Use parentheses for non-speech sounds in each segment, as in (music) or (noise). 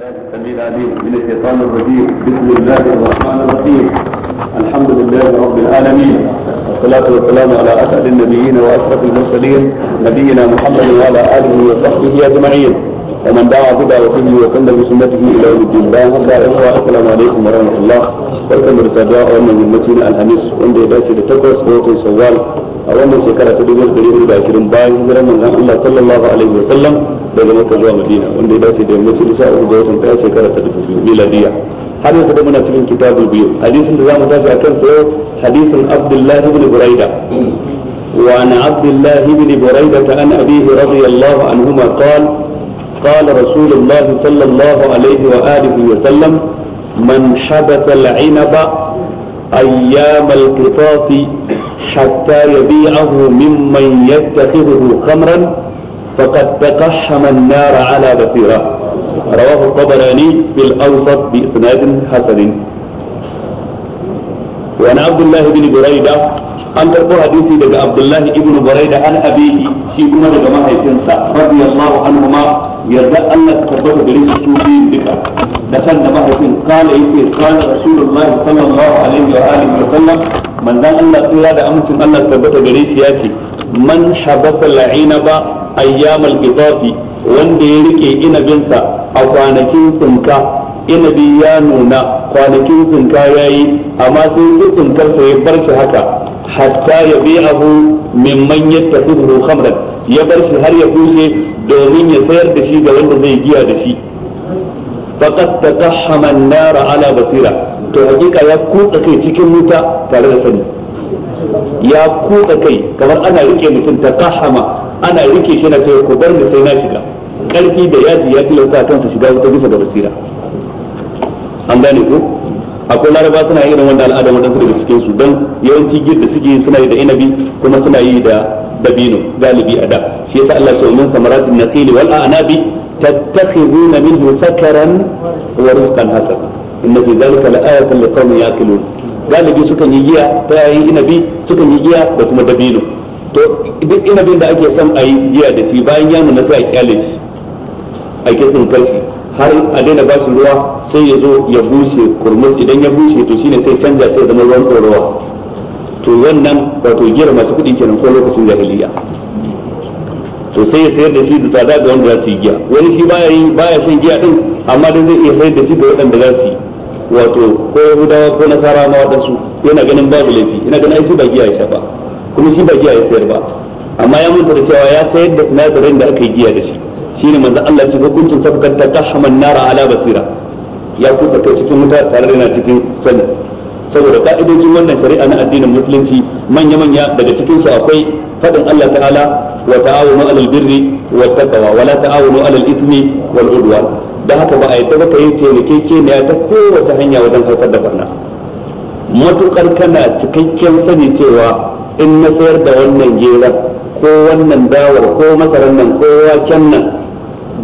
الله السميع العليم من الشيطان الرجيم بسم الله الرحمن الرحيم الحمد لله رب العالمين والصلاة والسلام على أسعد النبيين وأشرف المرسلين نبينا محمد وعلى آله وصحبه أجمعين ومن دعا بدعوته وسلم بسنته إلى يوم الدين السلام عليكم ورحمة الله barkan da saduwa a wannan yammaci na alhamis wanda ya dace da takwas ga watan shawwal a wannan shekara ta dubu da ashirin bayan da zama ka zuwa madina wanda ya dace da yamma su sha uku ga watan daya shekara ta dubu biyu miladiya har yanzu da muna cikin kitabul biyu hadisin da zamu tashi akan sa yau hadisin abdullahi ibn buraida وعن عبد الله بن بريدة عن أبيه رضي الله عنهما قال قال رسول الله صلى الله عليه وآله وسلم من حبس العنب أيام القطاف حتى يبيعه ممن يتخذه خمرا فقد تقحم النار على بصيرة رواه الطبراني بالأوسط بإسناد حسن وعن عبد الله بن بريدة an karɓo hadisi daga Abdullahi ibn Buraida an abihi shi kuma daga mahaifinsa radiyallahu anhu ma yarda Allah ta tabbata gare shi su biyu duka da kan da mahaifin kana yake kana Rasulullahi sallallahu alaihi wa alihi wa sallam manzon Allah tsira da amincin Allah tabbata gare shi yace man habasa la'ina ba ayyamal qitafi wanda ya rike inabinsa a kwanakin sunka inabi ya nuna kwanakin sunka yayi amma sai duk sunkarsa ya bar shi haka hatta ya bi bi'ahu mimman yattakhidhu khamran ya bar shi har ya kushe domin ya sayar da shi ga wanda zai giya da shi faqad taqahhama an-nar ala basira to hakika ya kutsa kai cikin wuta tare da sani ya kutsa kai kamar ana rike mutum taqahhama ana rike shi na cewa ku bar ni sai na shiga karfi da yaji ya tilasta kansa shiga wata bisa da basira an gane ko akwai laraba suna irin wanda al'adar wadansu daga cikin su don yawanci gir da suke suna yi da inabi kuma suna yi da dabino galibi a da shi yasa Allah ya min samaratin nakhil wal a'nabi tattakhizuna minhu sakaran wa rizqan hasana inna fi dhalika la'ayatan liqaumin yaqilun galibi sukan yi giya ta yayin inabi sukan yi giya da kuma dabino to duk inabin da ake son a yi jiya da shi bayan ya nuna sai a kyale shi a kitsin karfi har a daina ba shi ruwa sai ya zo ya bushe kurmus idan ya bushe to shine sai canja sai zama ruwan tsorowa to wannan wato giyar masu kuɗi kenan ko lokacin jahiliya to sai ya sayar da shi da tsada ga wanda za su yi giya wani shi baya yi baya shan giya din amma dan zai iya sayar da shi ga waɗanda za su yi wato ko yahudawa ko nasara ma waɗansu yana ganin babu laifi yana ganin ai ba giya ya sha ba kuma shi ba giya ya sayar ba amma ya manta da cewa ya sayar da sinadarin da aka yi giya da shi shine manzon Allah ya ce hukuncin sabkar ta tahman nara ala basira ya kusa kai cikin wuta tare da yana cikin sanin saboda ka'idojin wannan shari'a na addinin musulunci manya-manya daga cikin su akwai fadin Allah ta'ala wa ta'awunu alal birri wa taqwa wa la ta'awunu alal ithmi wal udwan da haka ba a yadda ka yi taimake ne ta kowace hanya wajen haifar da barna matukar kana cikakken sani cewa in na sayar da wannan gerar ko wannan dawar ko masarar nan ko waken nan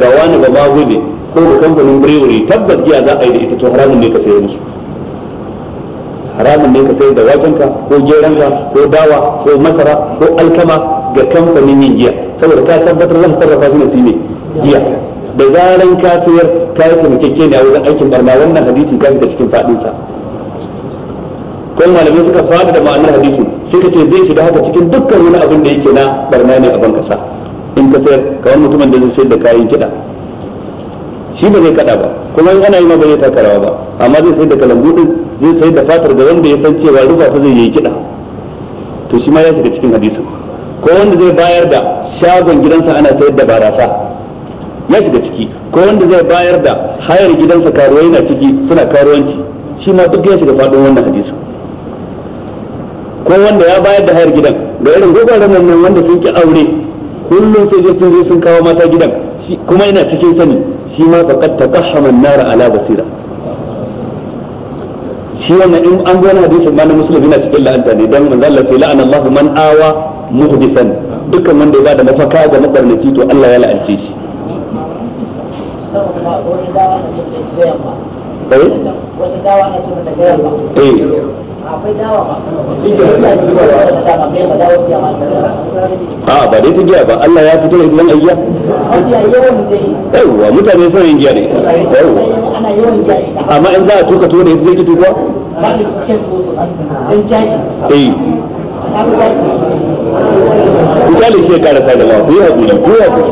ga wani ba gube ko da kamfanin brewery tabbas jiya za a yi da ita to haramun ne ka sayar musu haramun ne ka sayar da wakenka ko geranka ko dawa ko masara ko alkama ga kamfanin yin giya saboda ka tabbatar zan sarrafa su ne su ne giya da zaran ka sayar ka yi kamakke ne a wajen aikin barna wannan hadisi ka fita cikin fadinsa kuma malamai suka fada da ma'anar hadisi ka ce zai shiga haka cikin dukkan wani abin da yake na barna ne a bankasa in ka sayar kamar mutumin da zai sayar da kayan kiɗa shi ba zai kaɗa ba kuma in ana yi ma ba zai taka rawa ba amma zai sayar da kalangu din zai sayar da fatar da wanda ya san cewa rufa ta zai yi kiɗa to shi ma ya shiga cikin hadisin ko wanda zai bayar da shagon gidansa ana sayar da barasa ya shiga ciki ko wanda zai bayar da hayar gidansa karuwai na ciki suna karuwanci shi ma duk ya shiga faɗin wannan hadisin ko wanda ya bayar da hayar gidan da irin gobarar nan wanda sun ki aure kullum sai je sun je sun kawo mata gidan kuma ina cikin sani shi ma faqad taqahhama an-nar ala basira shi wannan in an zo na hadisin ma na musulmi na cikin la'anta ne dan manzo Allah sai la'ana Allah man awa muhdisan dukkan wanda ya bada mafaka ga mabarnaci to Allah ya la'ance shi eh a ba dai ta giya ba Allah ya fito da nan ayya yawa mutane sun yi giya ne amma in za a tuka to da yadda zai tuka eh misali shi ya kara sa da ma ku yi hakuri ku yi hakuri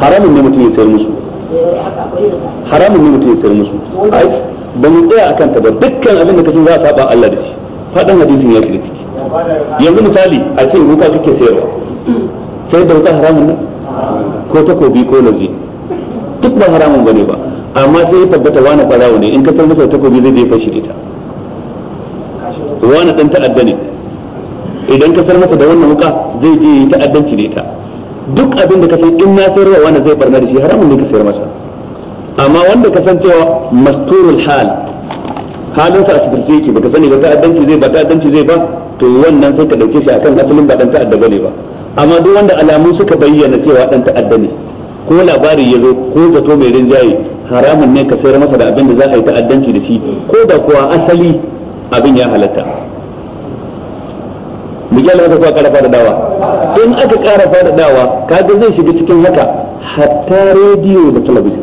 haramun ne mutum ya sayar musu haramun ne mutum ya sayar musu ai ba mu tsaya a kanta ba dukkan abin da kashin za a saba Allah da shi fadan hadisin ya shiga ciki yanzu misali a ce wuka kake sayarwa sai da wuka haramun ne ko takobi ko lauje duk ba haramun bane ba amma sai ya tabbata wani farawo ne in ka san masa takobi zai je fashi ita wani dan ta'adda ne idan ka san masa da wannan wuka zai je ta'addanci da ita duk abin da ka san in na sayarwa wanda zai barna da shi haramun ne ka sayar masa amma wanda ka san cewa masturul hal halin sa a cikin yake baka sani ba ta'addanci zai ba ta'addanci zai ba to wannan sai ka dauke shi akan asalin ba dan ta'adda bane ba amma duk wanda alamu suka bayyana cewa dan ta'adda ne ko labari ya zo ko zato mai rinjaye haramun ne ka sayar masa da abin da za a yi ta'addanci da shi ko da kuwa asali abin ya halatta mu gyara masa kuwa da dawa in aka kara dawa kaga zai shiga cikin haka hatta rediyo da talabijin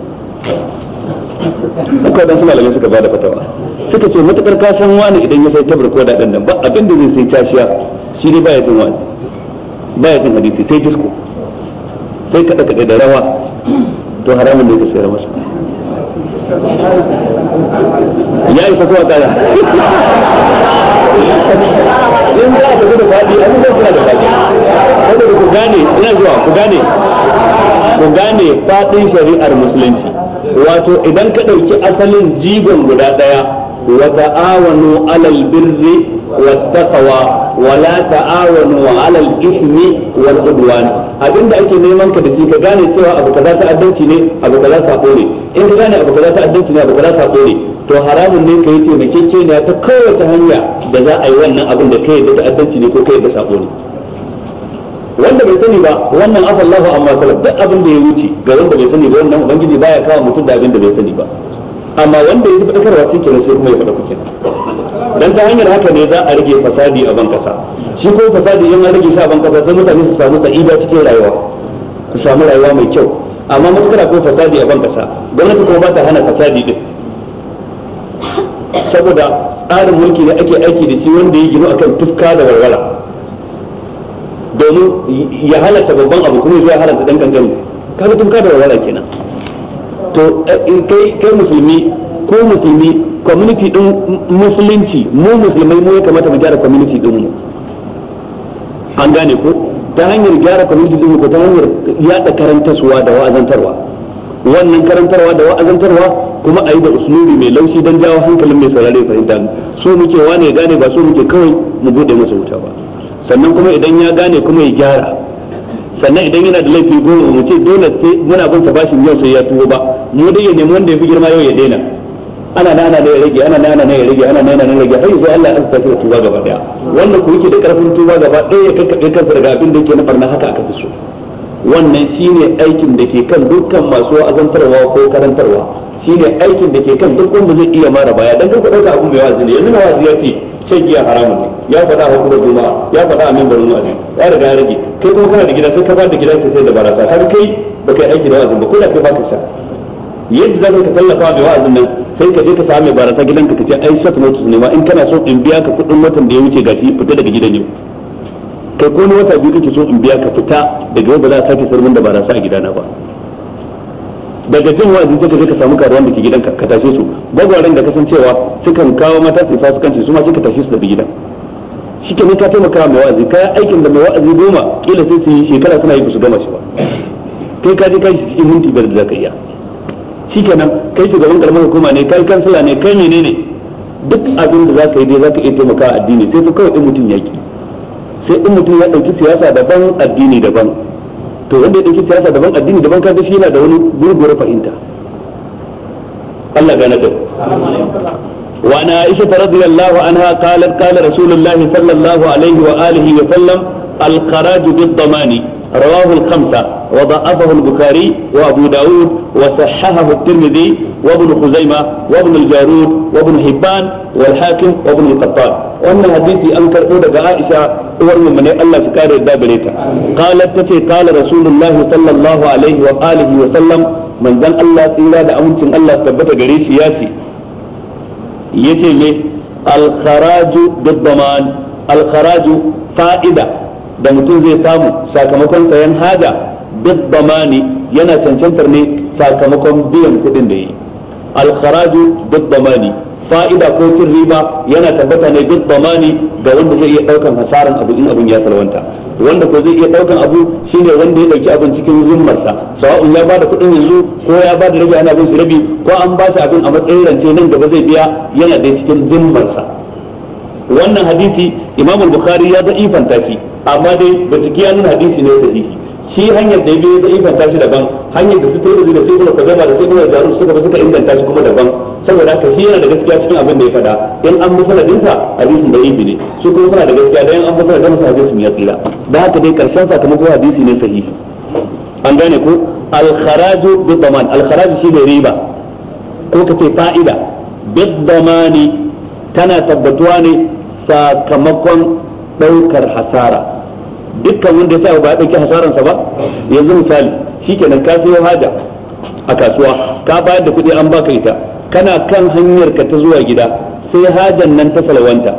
akwai dan suna lalle suka bada fatawa suka ce matakar ka san wani idan ya sai tabar ko da dan nan ba abin da zai sai tashiya shi ne baya jin wani baya jin hadisi sai disco sai kada kada da rawa to haramun ne ka sai rawa ya yi kowa kara faɗi abubuwan suna da faɗi wanda ku gane ina zuwa ku gane ku gane faɗin shari'ar musulunci wato idan ka ɗauki asalin jigon guda ɗaya wa ta'awanu alal birri wa taqwa wa la ta'awanu alal ismi wal udwan abinda ake neman ka da shi ka gane cewa abu kaza ta addanci ne abu kaza sako ne in ka gane abu kaza ta addanci ne abu kaza sako ne to haramun ne ka yi ne ta kowace hanya da za a yi wannan abin da kai da ta'addanci ne ko kai da sako ne wanda bai sani ba wannan afallahu amma kala duk abin da ya wuce ga wanda bai sani ba wannan ubangiji baya kawo mutum da abin da bai sani ba amma wanda ya fadakarwa karwa cikin sai kuma ya fada kuke dan ta hanyar haka ne za a rage fasadi a ban kasa shi ko fasadi in an rage shi a ban kasa sai mutane su samu sa'ida cikin rayuwa su samu rayuwa mai kyau amma matukar ko fasadi a ban kasa gwamnati kuma ba ta hana fasadi din saboda tsarin mulki ne ake aiki da shi wanda ya gino akan tufka da walwala domin ya halatta babban abu kuma ya halatta dan kankani kaga tufka da walwala kenan to eh, kai kai musulmi ko musulmi community din musulunci mu musulmai mu ya kamata mu gyara community din mu an gane ko ta hanyar gyara community din ko ta hanyar yada karantarwa da wa'azantarwa wannan karantarwa da wa'azantarwa kuma a yi da usuluri mai laushi don jawo hankalin mai saurare fahimta so muke ne gane ba so muke kawai mu bude masa wuta ba sannan kuma idan ya gane kuma ya gyara sannan idan yana da laifi goma mu ce dole sai muna bin sa bashin yau sai ya tuwo ba mu dai ya nemi wanda ya fi girma yau ya daina ana nana ne ya rage ana nana ne ya rage ana nana ne ya rage har yanzu Allah ya tsaka da tuba gaba daya wannan ku yake da karfin tuba gaba daya ya kakkabe kansa daga abin da yake na farna haka aka fi so wannan shine aikin da ke kan dukkan masu azantarwa ko karantarwa shine aikin da ke kan duk wanda zai iya mara baya dan duk dauka abun mai wazi ne yanzu na wazi ya ce shan giya haramun ne ya faɗa a hukumar juma'a ya faɗa a mimbarin ne ya riga ya rage kai kuma kana da gida sai ka ba da gida ka sai da barasa har kai ba kai aiki da wazin ba ko da kai ba ka sha yadda zaka ka tallafa mai wa'azin nan sai ka je ka samu mai barasa gidanka ka ce ai shot notice ne ma in kana so in biya ka kuɗin watan da ya wuce gashi fita daga gidan yau kai ko wata biyu kake so in biya ka fita daga yau ba za ka sake sarmin da barasa a gidana ba daga jin wa'azi sai ka ka samu karuwan da ke gidanka ka tashe su gwagwaren da kasancewa sukan kawo mata su fasikanci su ma sai ka tashe su daga gidan shi ke ka taimaka mai wa'azi ka aikin da mai wa'azi goma kila sai su yi shekara suna yi su gama shi ba kai ka je kai shi cikin minti biyar da za ka iya shi kenan kai gaban karamar hukuma ne kai kansila ne kai menene ne duk abin da za yi dai za ka iya taimaka addini sai su kawai in mutum ya sai in mutum ya ɗauki siyasa daban addini daban to wanda ya dauki siyasa daban addini daban kaga shi yana da wani gurgura fahimta Allah ga nadin wa ana aisha radiyallahu anha qalat qala rasulullahi sallallahu alaihi wa alihi wa sallam al kharaj bid damani rawahu al khamsa wa da'afahu al bukhari wa abu daud wa sahahahu at-tirmidhi وابن خزيمة وابن الجارود وابن حبان والحاكم وابن القطان وأن حديثي أنكر أودة عائشة ورم من الله سكار الدابريتا قالت تتي قال رسول الله صلى الله عليه وآله وسلم من ذن الله إلا دعونتم الله ثبت قريش ياتي يتي لي الخراج بالضمان الخراج فائدة da mutum zai samu sakamakon sayan haja bid damani yana cancantar ne sakamakon biyan kuɗin da yi al-kharaju bid-damani fa'ida ko cin riba yana tabbata ne duk bamani ga wanda zai iya daukan hasaran abu in abun ya salwanta wanda ko zai iya daukan abu shine wanda ya dauki abin cikin zimmarsa sawa'un ya bada kuɗin yanzu ko ya bada rabi ana bin rabi ko an ba shi abin a matsayin rance nan gaba zai biya yana da cikin zimmarsa wannan hadisi imamul al-bukhari ya da'ifanta shi amma dai bincike ya hadisi ne sahihi shi hanyar da biyu da ifanta shi daban hanyar da su tura da su kuma kaza da sai kuma jaru suka ba suka inganta shi kuma daban saboda haka shi yana da gaskiya cikin abin da ya faɗa in an bi sanadin sa hadisin da ibi ne su kuma suna da gaskiya da in an bi sanadin sa hadisin ya tsira da haka dai karshen sakamako hadisi ne sahihi an gane ko al-kharaj bi daman al-kharaj shi ne riba ko kace fa'ida bi damani tana tabbatuwa ne sakamakon daukar hasara dukkan wanda ya sa ba ya dauki hasaransa ba yanzu misali shikenan ka siyo haja a kasuwa ka bayar da kuɗi an baka ita kana kan hanyar ka ta zuwa gida sai hajan nan ta salwanta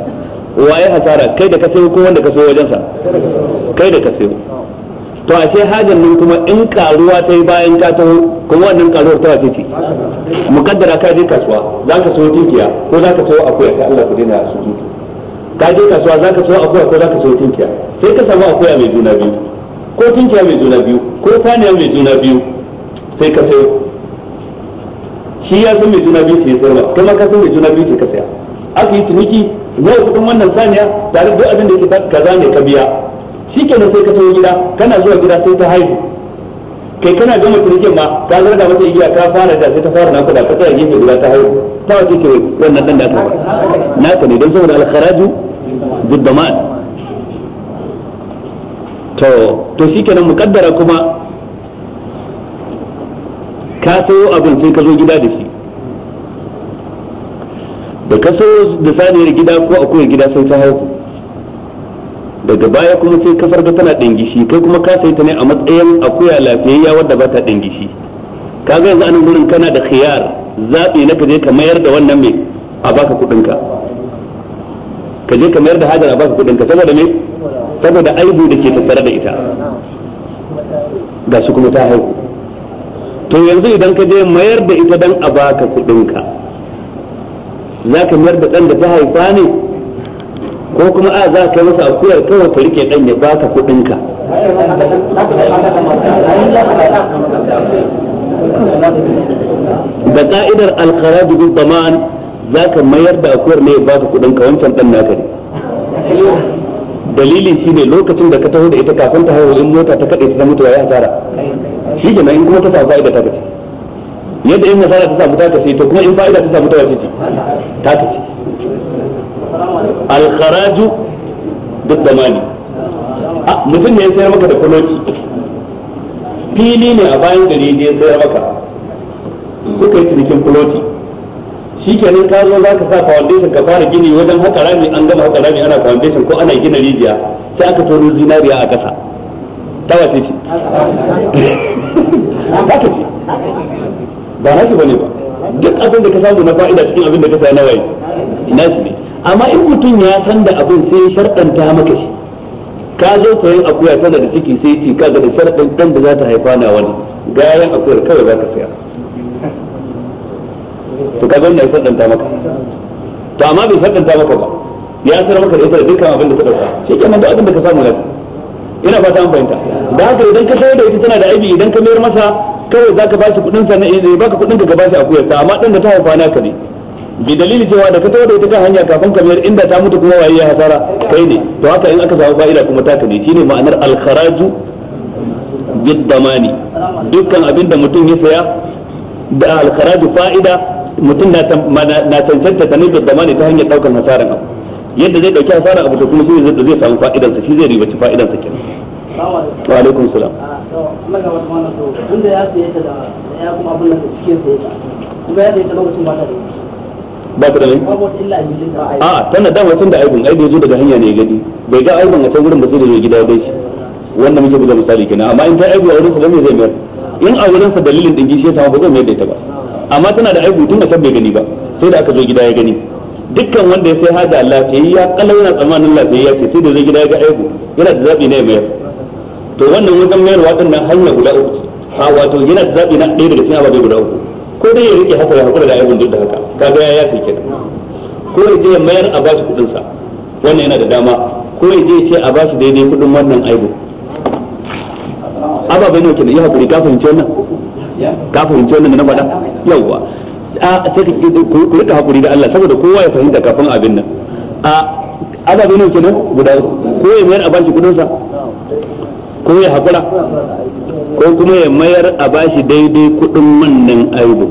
ya hasara kai da ka sayo ko wanda ka sayo wajensa kai da ka sayo to a sai hajan nan kuma in karuwa ta yi bayan ka taho kuma wannan karuwar ta wace ce mukaddara ka je kasuwa za ka sayo tinkiya ko za ka sayo akuya ka Allah ku daina su ka je kasuwa za ka sayo akuya ko za ka sayo tinkiya sai ka samu akwai mai juna biyu ko tunkiya mai juna biyu ko saniya mai juna biyu sai ka sayo shi ya san mai juna biyu sai ya sayarwa kai ka san mai juna biyu sai ka saya aka yi ciniki nawa kudin wannan saniya tare da abin da yake kaza ne ka biya shikenan sai ka tawo gida kana zuwa gida sai ta haihu kai kana gama cinikin ma ka zarga mata igiya ka fara da sai ta fara na kuda ka tsaya gefe guda ta haihu ta wace ke wannan dan da ta na ka ne don saboda alkharaju bid daman to to shikenan mukaddara kuma ka sayo abin sai ka zo gida da shi da ka sayo da saniyar gida ko akwai gida sai ta haihu daga baya kuma sai kasar da tana dangishi kai kuma ka sai ta ne a matsayin akuya lafiyayya wadda ba ta dangishi ga yanzu anan gurin kana da khiyar zabi na ka je ka mayar da wannan mai a baka kuɗinka ka je ka mayar da hajar a baka kuɗinka saboda me saboda aibu da ke tattare da ita ga su kuma ta haihu to yanzu idan ka je mayar da ita dan a baka kudinka za ka mayar da dan da ta haifa ne ko kuma a za ka masa akuyar kawai ka rike dan ya baka kudinka da ka'idar alkharaju bil zaman za ka mayar da akuyar ne ya baka kudinka wancan dan naka ne dalili shine lokacin da ka taho da ita kafin ta haihu in mota ta kade ta mutu ya hasara shi kenan in kuma ta samu fa'ida ta kace yadda in nasara ta samu ta kace to kuma in fa'ida ta samu ta wace ta kace al-kharaju duk da mali mutum ne ya sayar maka da kuloci fili ne a bayan gari ne ya sayar maka kuka yi cinikin kuloci shikenan ka zo ka sa foundation ka fara gini wajen haka rami an gama haka rami ana foundation ko ana gina rijiya sai aka tono zinariya a kasa ta wace ce (laughs) haka ce ba na shi bane ba duk abin da ka samu na fa'ida cikin abin da ka sa na waye na shi ne amma in mutum ya san da abin sai sharɗanta maka shi ka zo yi akuya tana da ciki sai ce ga da sharɗin ɗan da za ta haifa na wani gayan akuyar kawai za ka saya to kaga ne ya saddanta maka to amma bai saddanta maka ba ya sanar maka da ita da dukkan abin da ka dauka shi kenan da abin da ka samu lafiya ina fata an fahimta da haka idan ka sayar da ita tana da aibi idan ka mayar masa kawai zaka ba shi kudin sannan idan eh, baka kuɗin ka ka bashi akuyar sa amma din da ta haifa naka ne bi dalili cewa da ka tawo da ita kan hanya kafin ka mayar inda ta mutu kuma waye ya hasara kai ne to haka in aka samu fa'ida kuma taka ne shine ma'anar al-kharaju bid-damani dukkan abin da mutum ya saya da al-kharaju fa'ida mutum na tantance ta nufi da mani ta hanyar daukar hasarar abu yadda zai dauki hasarar abu to kuma shi zai zai samu fa'idan sa shi zai ribaci fa'idan sa kenan wa alaikum salam ah, Allah ga wannan to inda ya saye da ya kuma abin da cikin saye ta kuma ya saye ta ba ta da ba ta da ne a ah, tana dama tun da aibun aibu ya zo daga hanya ne ya gani bai ga aibun a can gurin da sai da ya gida dai shi wannan muke buga misali kenan amma in ta aibu a wurin sa ba zai mayar in a wurin sa dalilin din gishi ya ba zan mai da ita ba amma tana da aibu tun da kan bai gani ba sai da aka zo gida ya gani dukkan wanda ya sai haja lafiyayya kalau yana tsammanin lafiyayya ce sai da zai gida ya ga aibu yana da zabi ne mai to wannan wajen mayarwa din nan hanya guda uku ha wato yana da zabi na ɗaya daga cikin ababe guda uku ko dai ya rike haka ya hakura da aibun duk da haka kaga ya yafe kenan ko ya je ya mayar a bashi kuɗinsa sa wannan yana da dama ko ya je ya ce a bashi daidai kuɗin wannan aibun ababai nawa kenan yi hakuri ka fahimci wannan ka fahimci wannan na faɗa yawwa a sai ku rika hakuri da Allah saboda kowa ya fahimta kafin abin nan a ababai nawa kenan guda ko ya mayar a bashi kudin sa ko ya hakura ko kuma ya mayar a bashi daidai kudin nan aibu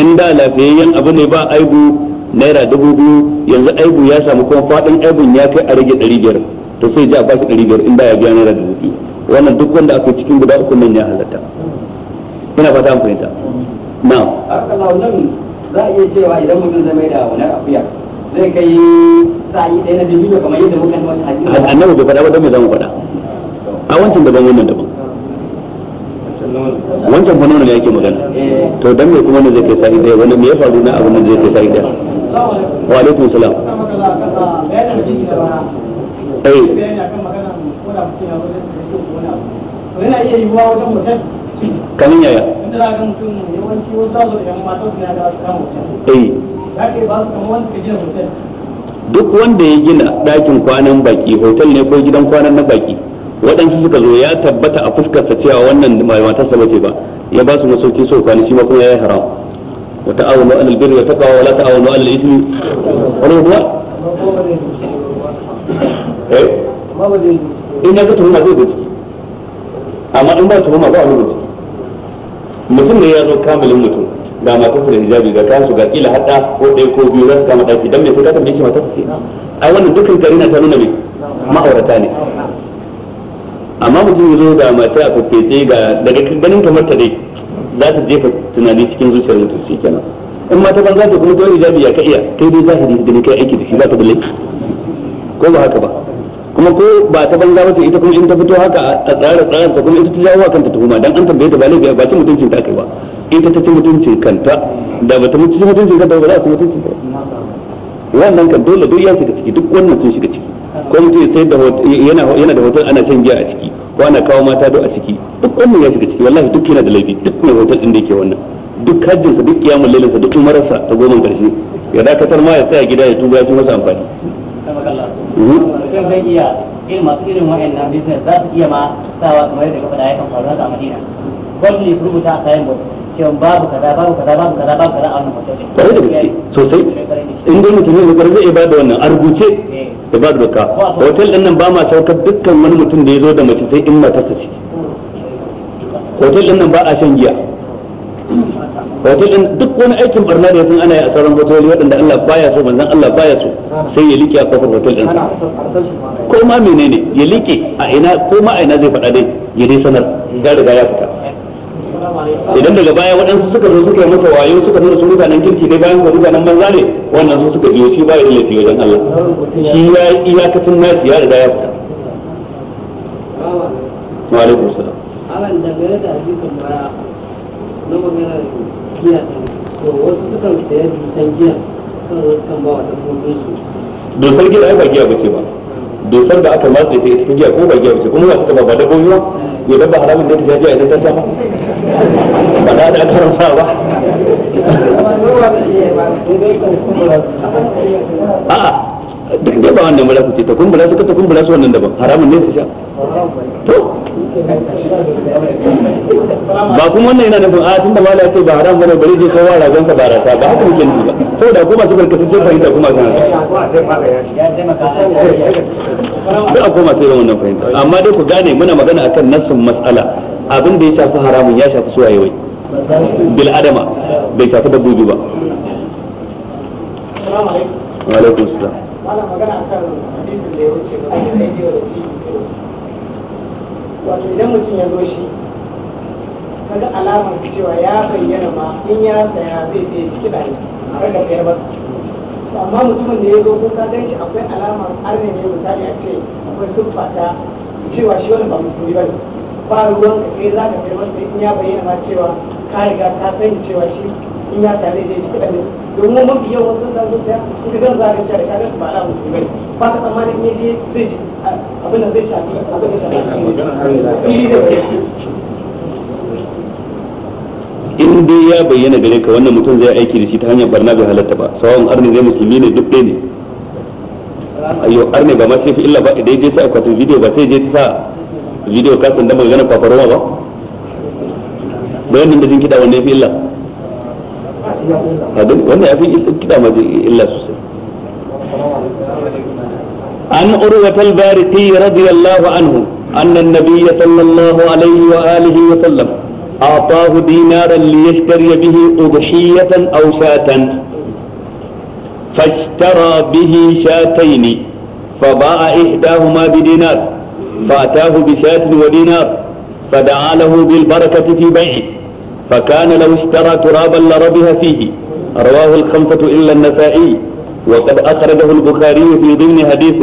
in da lafiyayyen abu ne ba aibu naira dubu biyu yanzu aibu ya samu kuma fadin aibun ya kai a rage ɗari biyar to sai ji a bashi ɗari biyar in da ya biya naira dubu biyu wannan duk wanda aka cikin guda uku nan ya halatta ina fata an fahimta na za a iya cewa idan mutum zama da wani akuya zai kai sa'i ɗaya na kamar yadda muka nuna faɗa ba a wancan daban wannan yake magana eh. to dan mai kuma ne zai kai sa'i ɗaya wani me ya faru na abin nan zai kai sa'i ɗaya wa alaikum salam yana yaya inda za ga su mutum eh su gina mutum duk wanda ya gina ɗakin kwanan baki hotel ne ko gidan kwanan na baki waɗansu suka zo ya tabbata a fuskarsa cewa wannan matarsa ce ba ya ba su masauki so kwani shi ma kuma ya yi haram wa ta'awunu alal birri wa taqwa wa la ta'awunu alal wa eh ma ba in zai eh, amma in ba tuhuma ba wani mutum mutum ne ya zo kamalin mutum ga matarsa da hijabi ga kansu ga kila hada ko ɗaya ko biyu za su kama ɗaki dan me sai ka tambaye shi matarsa ce ai wannan dukkan karina ta nuna me ma'aurata ne amma mutum ya zo ga mata a fafafe ga daga ganin kamar ta dai za ta jefa tunani cikin zuciyar mutum shi kenan in mata ban za ta kuma ta hijabi ya ka iya kai dai zahiri da ne kai aiki da shi za ta bulle ko ba haka ba kuma ko ba ta banza ba ita kuma in ta fito haka a tsare tsaren ta kuma ita ta jawo kanta tuhuma dan an tambaye ta ba laifi ba ta mutuncin ta kai ba in ta ci mutuncin kanta da ba ta mutuncin mutuncin kanta ba za ta mutuncin ta wannan kan dole duk ya shiga ciki duk wannan sun shiga ciki ko mutum ya sayar da yana yana da hoton ana shan giya a ciki ko ana kawo mata do a ciki duk wannan ya shiga ciki wallahi duk yana da laifi duk mai hoton din da yake wannan duk hajjinsa duk kiyamul lailinsa duk umararsa ta goma karshe ya dakatar ma ya tsaya gida ya tuba ya fi masa amfani mutum zai iya irin masu irin wa'annan business za su iya ma sawa kamar yadda kafa da ya kan faru a madina gwamnati su rubuta a kayan gwamnati cewa babu kaza babu kaza babu kaza babu kaza a wannan hotel kwarai da gaske sosai in dai mutum ne gari zai ba da wannan a rubuce da ba da doka hotel din nan ba ma saukar dukkan wani mutum da ya zo da mace sai in matarsa ce hotel din nan ba a shan giya wato in duk wani aikin barna da yasan ana yi a sauran hotel wadanda Allah baya so manzon Allah baya so sai ya liƙe a kofar hotel din ko ma menene ya liƙe a ina ko ma a ina zai faɗa dai ya dai sanar ya riga ya fita idan daga baya waɗansu suka zo suka masa wayo suka nuna su mutanen kirki dai bayan ko nan banza ne wannan su suka biyo shi ba ya laifi wajen Allah shi ya iyakacin nasi ya riga ya fita wa alaikum salam alan da gare da hadisin baya na magana da dokar to ai ba giya bace ba da aka matsa ta ita giya ko ba giya bace kuma ta ba dabbobi ya dabba haramun da ta giya idan ta sha ba ba da aka rasa ba a'a duk dai ba wannan mura kuce ta kumbura su ka ta kumbura su wannan daban haramun ne su sha to ba kuma wannan yana nufin a tunda mala ce ba haram bane bari je kowa ragon ka barata ba haka muke nufi ba saboda ko masu barkatun sun fahimta kuma kan da a koma sai wannan fahimta amma dai ku gane muna magana akan nassin mas'ala abin da ya shafi haramun ya shafi suwaye wai bil adama bai shafi dabbobi ba wa alaikum salam malam magana akan hadisin da ya wuce ba zai da yau da shi wato idan mutum ya zo shi kaga alamar cewa ya bayyana ma in ya saya zai sai ciki da a rage biyar ba amma mutumin da ya zo ko ka gan shi akwai alamar arne ne misali a ce akwai siffa ta cewa shi wani ba musulmi ba ne ba ruwan ka kai za ka kai masa in ya bayyana ma cewa ka riga ka sani cewa shi in ya saya zai sai ciki da domin mafi yawan sun zan zuciya ita gan za ka sha da kagan ba na musulmi bane ba ka tsammanin ne dai zai abin da zai shafi abin da zai shafi in dai ya bayyana gare ka wannan mutum zai aiki da shi ta hanyar barna bai halatta ba sawan arni zai musulmi ne duk ɗaya ne ayo arni ba ma sai fi illa ba idan je sai akwatin video ba sai je video bidiyo kasan da maganar kwafaroma ba bayan da jin kiɗa wanne ya fi illa هذا wannan ya fi kiɗa ma zai illa sosai an urwatal bariki radiyallahu anhu أن النبي صلى الله عليه وآله وسلم أعطاه دينارا ليشتري به أضحية أو شاة فاشترى به شاتين فباع إحداهما بدينار فأتاه بشاة ودينار فدعا له بالبركة في بيعه فكان لو اشترى ترابا لربها فيه رواه الخمسة إلا النسائي وقد أخرجه البخاري في ضمن حديث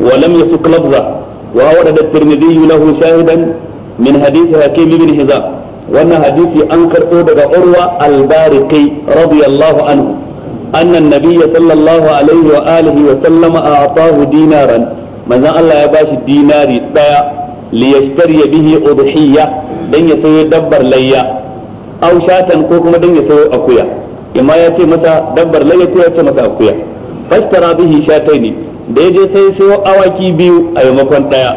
ولم يسق لفظه وأورد الترمذي له شاهدا من حديث حكيم بن حزام وأن حديث أنكر أوبغ عروة البارقي رضي الله عنه أن النبي صلى الله عليه وآله وسلم أعطاه دينارا من الله يباشي الدينار ليشتري به أضحية لن يسوي دبر ليا aw shatan ko kuma dan ya sayo akuya imma ya ce masa dabbar la ce masa akuya fastara bihi shataini da ya je sai sayo awaki biyu a yamakon daya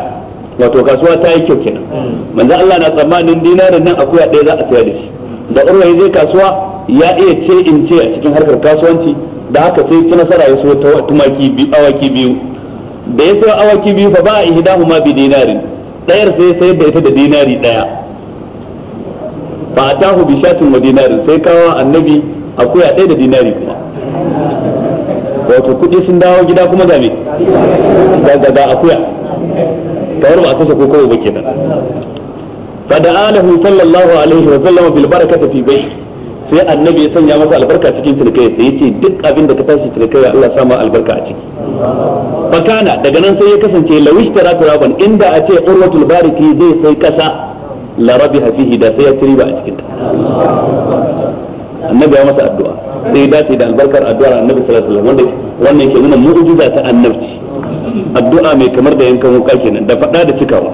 wato kasuwa ta yi kyau kenan manzo Allah na tsammanin dinarin nan akuya ɗaya za a sayar da shi da urwa ya kasuwa ya iya ce in ce a cikin harkar kasuwanci da haka sai ci nasara ya sayo tumaki biyu awaki biyu da ya sayo awaki biyu fa ba a ihdahu ma bi dinarin dayar sai sayar da ita da dinari daya fa atahu bi shatin wa dinarin sai kawo annabi akuya ɗaya da dinari kuma wato kuɗi sun dawo gida kuma ga me ga ga akuya kawar ba a kasa ko kawai ba kenan fa da alahu sallallahu alaihi wa sallam bil barakati fi bai sai annabi ya sanya masa albarka cikin tilkai sai yace duk abin da ka tashi tilkai Allah ya sama albarka a ciki fakana daga nan sai ya kasance lawish tara turaban inda a ce urwatul bariki zai sai kasa la rabiha fihi da sai ya ci riba a cikin ta annabi ya masa addu'a sai da sai da albarkar addu'a annabi sallallahu alaihi wasallam wanda wannan ke nuna mu'jiza ta annabci addu'a mai kamar da yankan wuka kenan da fada da cikawa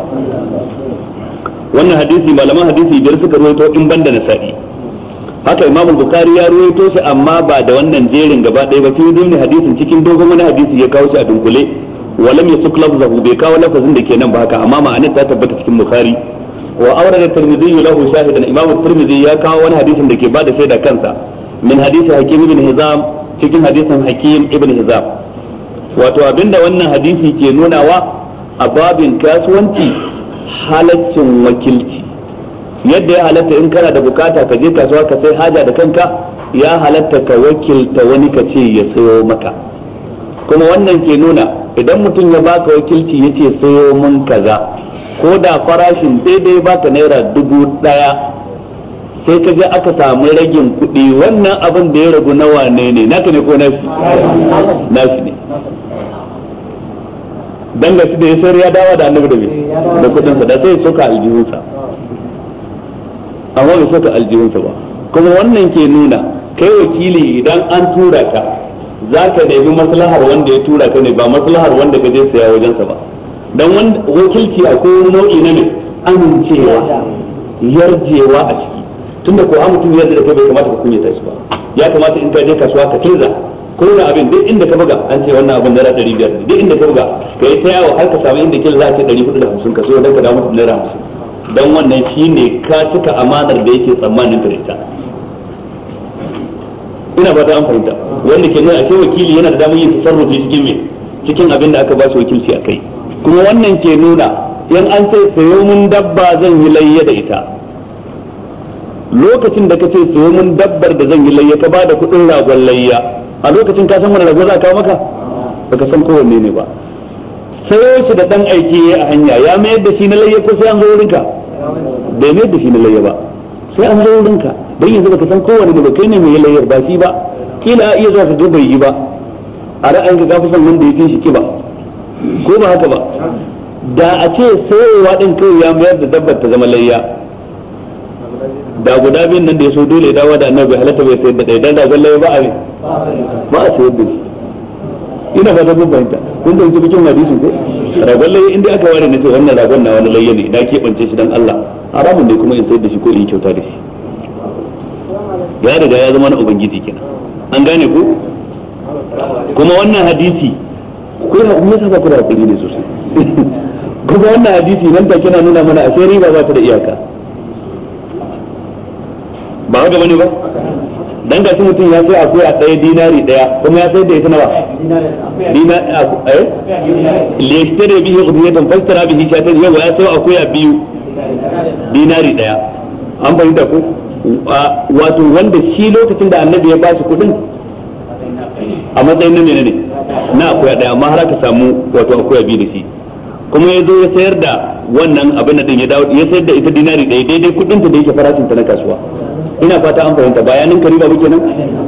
wannan hadisi malaman hadisi biyar suka ruwaito in banda nasa'i haka imam bukhari ya ruwaito shi amma ba da wannan jerin gaba ɗaya ba sai dai hadisin cikin dogon wani hadisi ya kawo shi a dunkule walam yasuk lafzahu bai kawo lafazin da ke nan ba haka amma ma'anar ta tabbata cikin bukhari wa awrada tirmidhi lahu shahidan imamu tirmidhi ya kawo wani hadisin da ke da shaida kansa min hadisi hakim ibn hizam cikin hadisin hakim ibn hizam wato abinda wannan hadisi ke nunawa a babin kasuwanci halaccin wakilci yadda ya halatta in kana da bukata ka je kasuwa ka sai haja da kanka ya halatta ka wakilta wani ka ce ya sayo maka kuma wannan ke nuna idan mutum ya baka wakilci ya ce sayo mun kaza ko da farashin daidai baka naira dubu daya sai ka ga aka samu ragin kuɗi wannan abin da ya ragu na wane ne naka ne ko na nashi ne dan gashi da ya sayar ya dawa da annabi da me da kuɗin sa da sai aljihun aljihunsa amma bai aljihun aljihunsa ba kuma wannan ke nuna kai wakili idan an tura ka za ka nemi maslahar wanda ya tura ka ne ba maslahar wanda ka je saya wajensa ba dan wanda a ko nau'i na ne amincewa yarjewa a ciki tunda ko an mutum yarda da kai bai kamata ka kunyata shi ba ya kamata in ka je kasuwa ka ko kowane abin duk inda ka buga an ce wannan abin naira ɗari biyar duk inda ka buga ka yi ta yawo har ka samu inda kila za a ce ɗari hudu da hamsin ka so don ka damu naira hamsin don wannan shi ne ka cika amanar da yake tsammanin firista ina ba ta an fahimta wanda ke nuna a ce wakili yana da damar yin tasarrufi cikin me cikin abin da aka ba su wakilci a kai kuma wannan ke nuna yan an sai sayo mun dabba zan yi layya da ita lokacin da ka ce sayo mun dabbar da zan yi layya ka ba da kuɗin ragon layya a lokacin ka san wani rago za ka maka baka san kowanne ne ba sayo shi da dan aiki a hanya ya mayar da shi na layya ko sai an zo wurinka bai mayar da shi na layya ba sai an zo wurinka don yanzu baka san kowanne ne ba kai ne mai layyar ba shi ba kila iya zuwa ka duba yi ba a ra'ayinka ka fi son wanda ya fi shi kiba ko ba haka ba da a ce sayowa din kai ya mayar da dabbar ta zama layya da guda biyun nan da ya so dole ya dawo da annabi halatta bai sayar da ɗaya dan zan layya ba a ne ba a sayar da shi ina ba ta bin fahimta kun da yanzu bikin hadisi ko ragon layya inda aka ware na ce wannan ragon na wani layya ne na keɓance shi dan Allah haramun ne kuma in sayar da shi ko in kyauta da shi ya riga ya zama na ubangiji kenan an gane ko kuma wannan hadisi ku yi hakuri yasa ba da hakuri ne sosai kuma wannan hadisi nan da kina nuna mana a sai ba za ta da iyaka ba haka bane ba dan ga mutum ya sai akwai a tsaye dinari ɗaya kuma ya sai da ita nawa dinari eh liyashtari bihi qudiyatan fastara bihi shatan yau ya sai akwai a biyu dinari ɗaya an da ku wato wanda shi lokacin da annabi ya ba shi kudin a matsayin na menene na akuya daya amma har aka samu wato akuya biyu da shi kuma ya zo ya sayar da wannan abin da din ya dawo ya sayar da ita dinari ɗaya daidai kudin ta da yake farashin ta na kasuwa ina fata an fahimta bayanin kariba ba kenan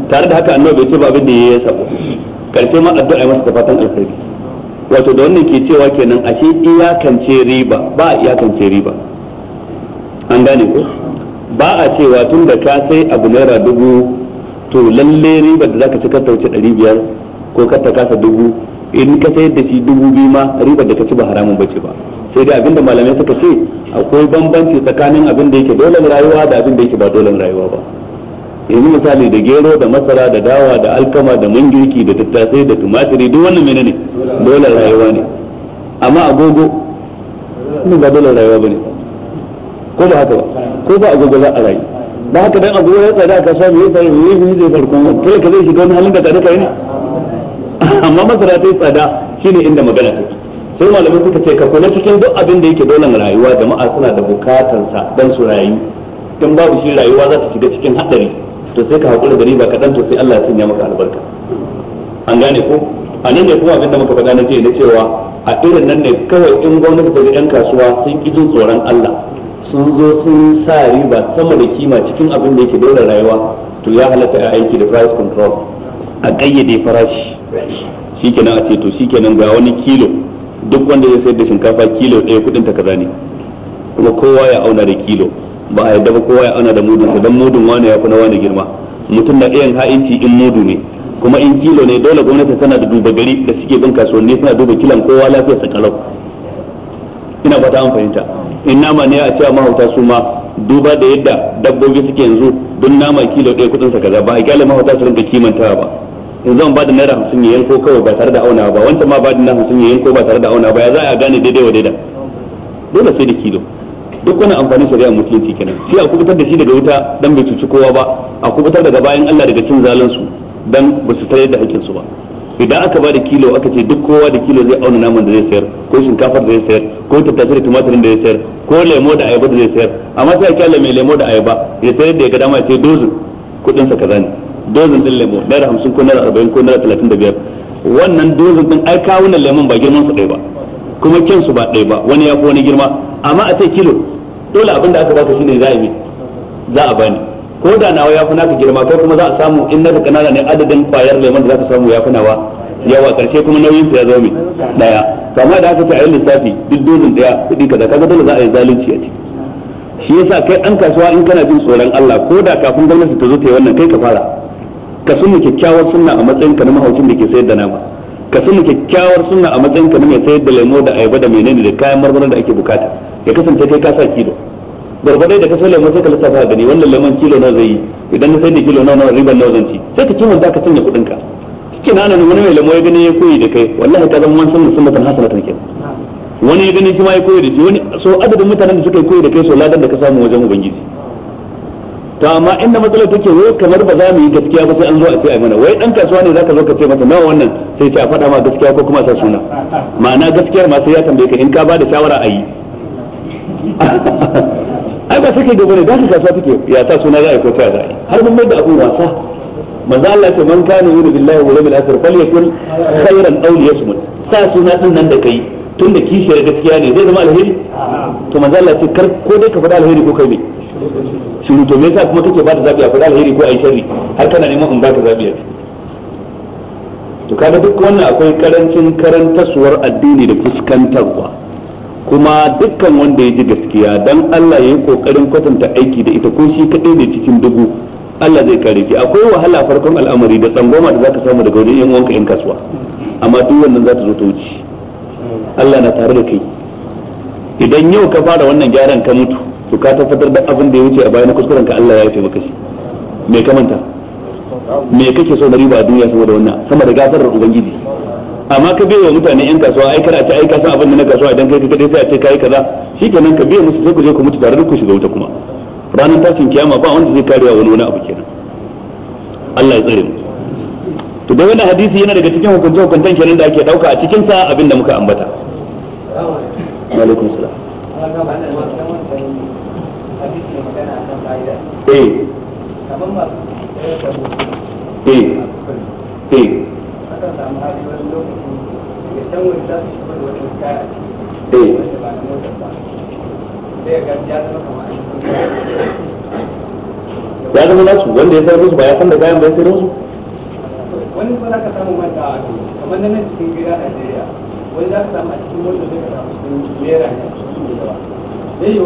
tare da haka annabi bai ce ba abin da ya sabo karfe ma addu'a masa fatan alkhairi wato da wannan ke cewa kenan ashe iyakance riba ba iyakance riba an gane ko ba a cewa tun da ka sai abu naira dubu to lalle riba da zaka ci ka tauce ɗari ko kar ta kasa dubu in ka sayar da shi dubu biyu ma ribar da ka ci ba haramun bace ba sai dai abinda malamai suka ce akwai bambanci tsakanin abin da yake dolan rayuwa da abin da yake ba dolan rayuwa ba yanzu misali da gero da masara da dawa da alkama da man girki da tattasai da tumatiri duk wannan menene dolan rayuwa ne amma agogo ne ba dolan rayuwa bane ko ba haka ba ko ba agogo za a rayu ba haka dan agogo ya tsada ka samu ya tsare ne zai farko ka zai shiga wani halin da ka kai ne (laughs) amma masara ta yi tsada shine inda magana take sai malamai suka ce ka kula cikin duk abin da yake dole rayuwa jama'a suna da bukatar sa su rayu in babu shi rayuwa za ta shiga cikin hadari to sai ka hakura da riba kadan to sai Allah ya sanya maka albarka an gane ko a nan ne kuma abin da muka faɗa na ce na cewa a irin nan ne kawai in gwamnati da yan kasuwa sun ki jin tsoron Allah sun zo sun sa riba sama da kima cikin abin da yake dole rayuwa to ya halatta a aiki da price control a kayyade farashi shikenan a ce to shikenan ga wani kilo duk wanda ya sayar da shinkafa kilo ɗaya kudin ta kaza ne kuma kowa ya auna da kilo ba a yadda ba kowa ya auna da mudun sa dan mudun wani ya kuna wani girma mutum na iya ha'inci in mudu ne kuma in kilo ne dole gwamnati tana da duba gari da suke bin kasuwanni suna duba kilan kowa lafiyar sa kalau ina fata an fahimta in nama ne a cewa mahauta su ma duba da yadda dabbobi suke yanzu don nama kilo ɗaya kudin sa kaza ba a kyale mahauta su rinka kimantawa ba to zan ba da naira hamsin ya yanko kawai ba tare da auna ba wanda ma ba da naira hamsin ya yanko ba tare da auna ba ya za a gane daidai wa daida dole sai da kilo duk wani amfanin shari'a musulunci kenan sai a kubutar da shi daga wuta dan bai cuci kowa ba a kubutar daga bayan Allah daga cin zalunsu dan ba su tare da hakkin su ba idan aka ba da kilo aka ce duk kowa da kilo zai auna naman da zai sayar ko shinkafar da zai sayar ko tattasai da tumatir da zai sayar ko lemo da ayaba da zai sayar amma sai a kyale mai lemo da ayaba ya sayar da ya ga dama ya dozin kudin sa kaza ne dozin din lemo naira hamsin ko naira arba'in ko naira talatin da biyar wannan dozin din ai na lemon ba girman su ɗaya ba kuma kyansu su ba ɗaya ba wani ya fi wani girma amma a ce kilo dole abin da aka baka ne za a yi za a bani ko da nawa ya fi naka girma ko kuma za a samu in naka kanana ne adadin kwayar lemon da za ka samu ya fi nawa yawa karshe kuma nauyin su ya zo min daya kamar da aka ce a yi lissafi duk dozin daya kuɗi kaza kaga dole za a yi zalunci a ciki shi yasa kai an kasuwa in kana jin tsoron Allah ko da kafin gwamnati ta zo ta yi wannan kai ka fara ka sunna kyakkyawar sunna a matsayin ka na mahaucin da ke sayar da nama ka sunna kyakkyawar sunna a matsayin ka na mai sayar da lemo da ayaba da menene da kayan marmarin da ake bukata ya kasance kai ka sa kilo gwargwadai da ka sai lemo sai ka lissafa gani wannan lemon kilo nawa zai yi idan na sai da kilo nawa riban nawa zan ci sai ka kiwon da ka sanya kuɗin ka kike na nan wani mai lemo ya gani ya koyi da kai wallahi ka zama sunna sunnatan hasanatan ke wani ya gani shi ma ya koyi da shi wani so adadin mutanen da suka koyi da kai so ladan da ka samu wajen ubangiji to amma inda matsalar take wai kamar ba za mu yi gaskiya ba sai an zo a ce ai mana wai dan kasuwa ne zaka zo ka ce masa nawa wannan sai ce a faɗa ma gaskiya ko kuma sa suna ma'ana gaskiyar ma sai ya tambaye ka in ka ba da shawara a yi ai ba take gaba ne zaka kasuwa take ya sa suna za a yi ko ta za a yi har mun mai da abun wasa manzo Allah ce man kana yuridu billahi wal yawmil akhir falyakun khayran aw liyasmut sa suna din nan da kai tun da kishiyar gaskiya ne zai zama alheri to manzo Allah ce kar ko dai ka faɗa alheri ko kai ne surutu me yasa kuma kake ba ta zabi a faɗa alheri ko ai sharri har kana neman in ta zabi a to kaga duk wannan akwai karancin karantaswar addini da fuskantarwa kuma dukkan wanda ya ji gaskiya dan Allah ya yi kokarin kwatanta aiki da ita ko shi kadai ne cikin dubu Allah zai kare ki akwai wahala farkon al'amari da tsangoma da zaka samu daga wajen yan wanka yan kasuwa amma duk wannan za ta zo ta wuce Allah na tare da kai idan yau ka fara wannan gyaran ka mutu to ka tabbatar da abin da ya wuce a baya na kuskuren ka Allah ya yi maka shi me ka manta me kake so na riba a duniya saboda wannan sama da gafarar ubangiji amma ka biya wa mutane yan kasuwa ai ce ta aika san abin da na kasuwa idan kai ka kadai sai a ce kai kaza shikenan ka biya musu sai ku je ku mutu tare da ku shiga wuta kuma ranar tashin kiyama ba wanda zai karewa wani wani abu kenan Allah ya tsare mu to da wannan hadisi yana daga cikin hukunce hukuncen kenan da ake dauka a cikin sa abin da muka ambata alaikum salam Eh. eh eh eh ya zama nasu wanda ya sarrafa su ba ya san da kayan ya su wani samu manta a to kamar nan cikin gida Najeriya wani samu a cikin wanda zai ka samu cikin ne zai yi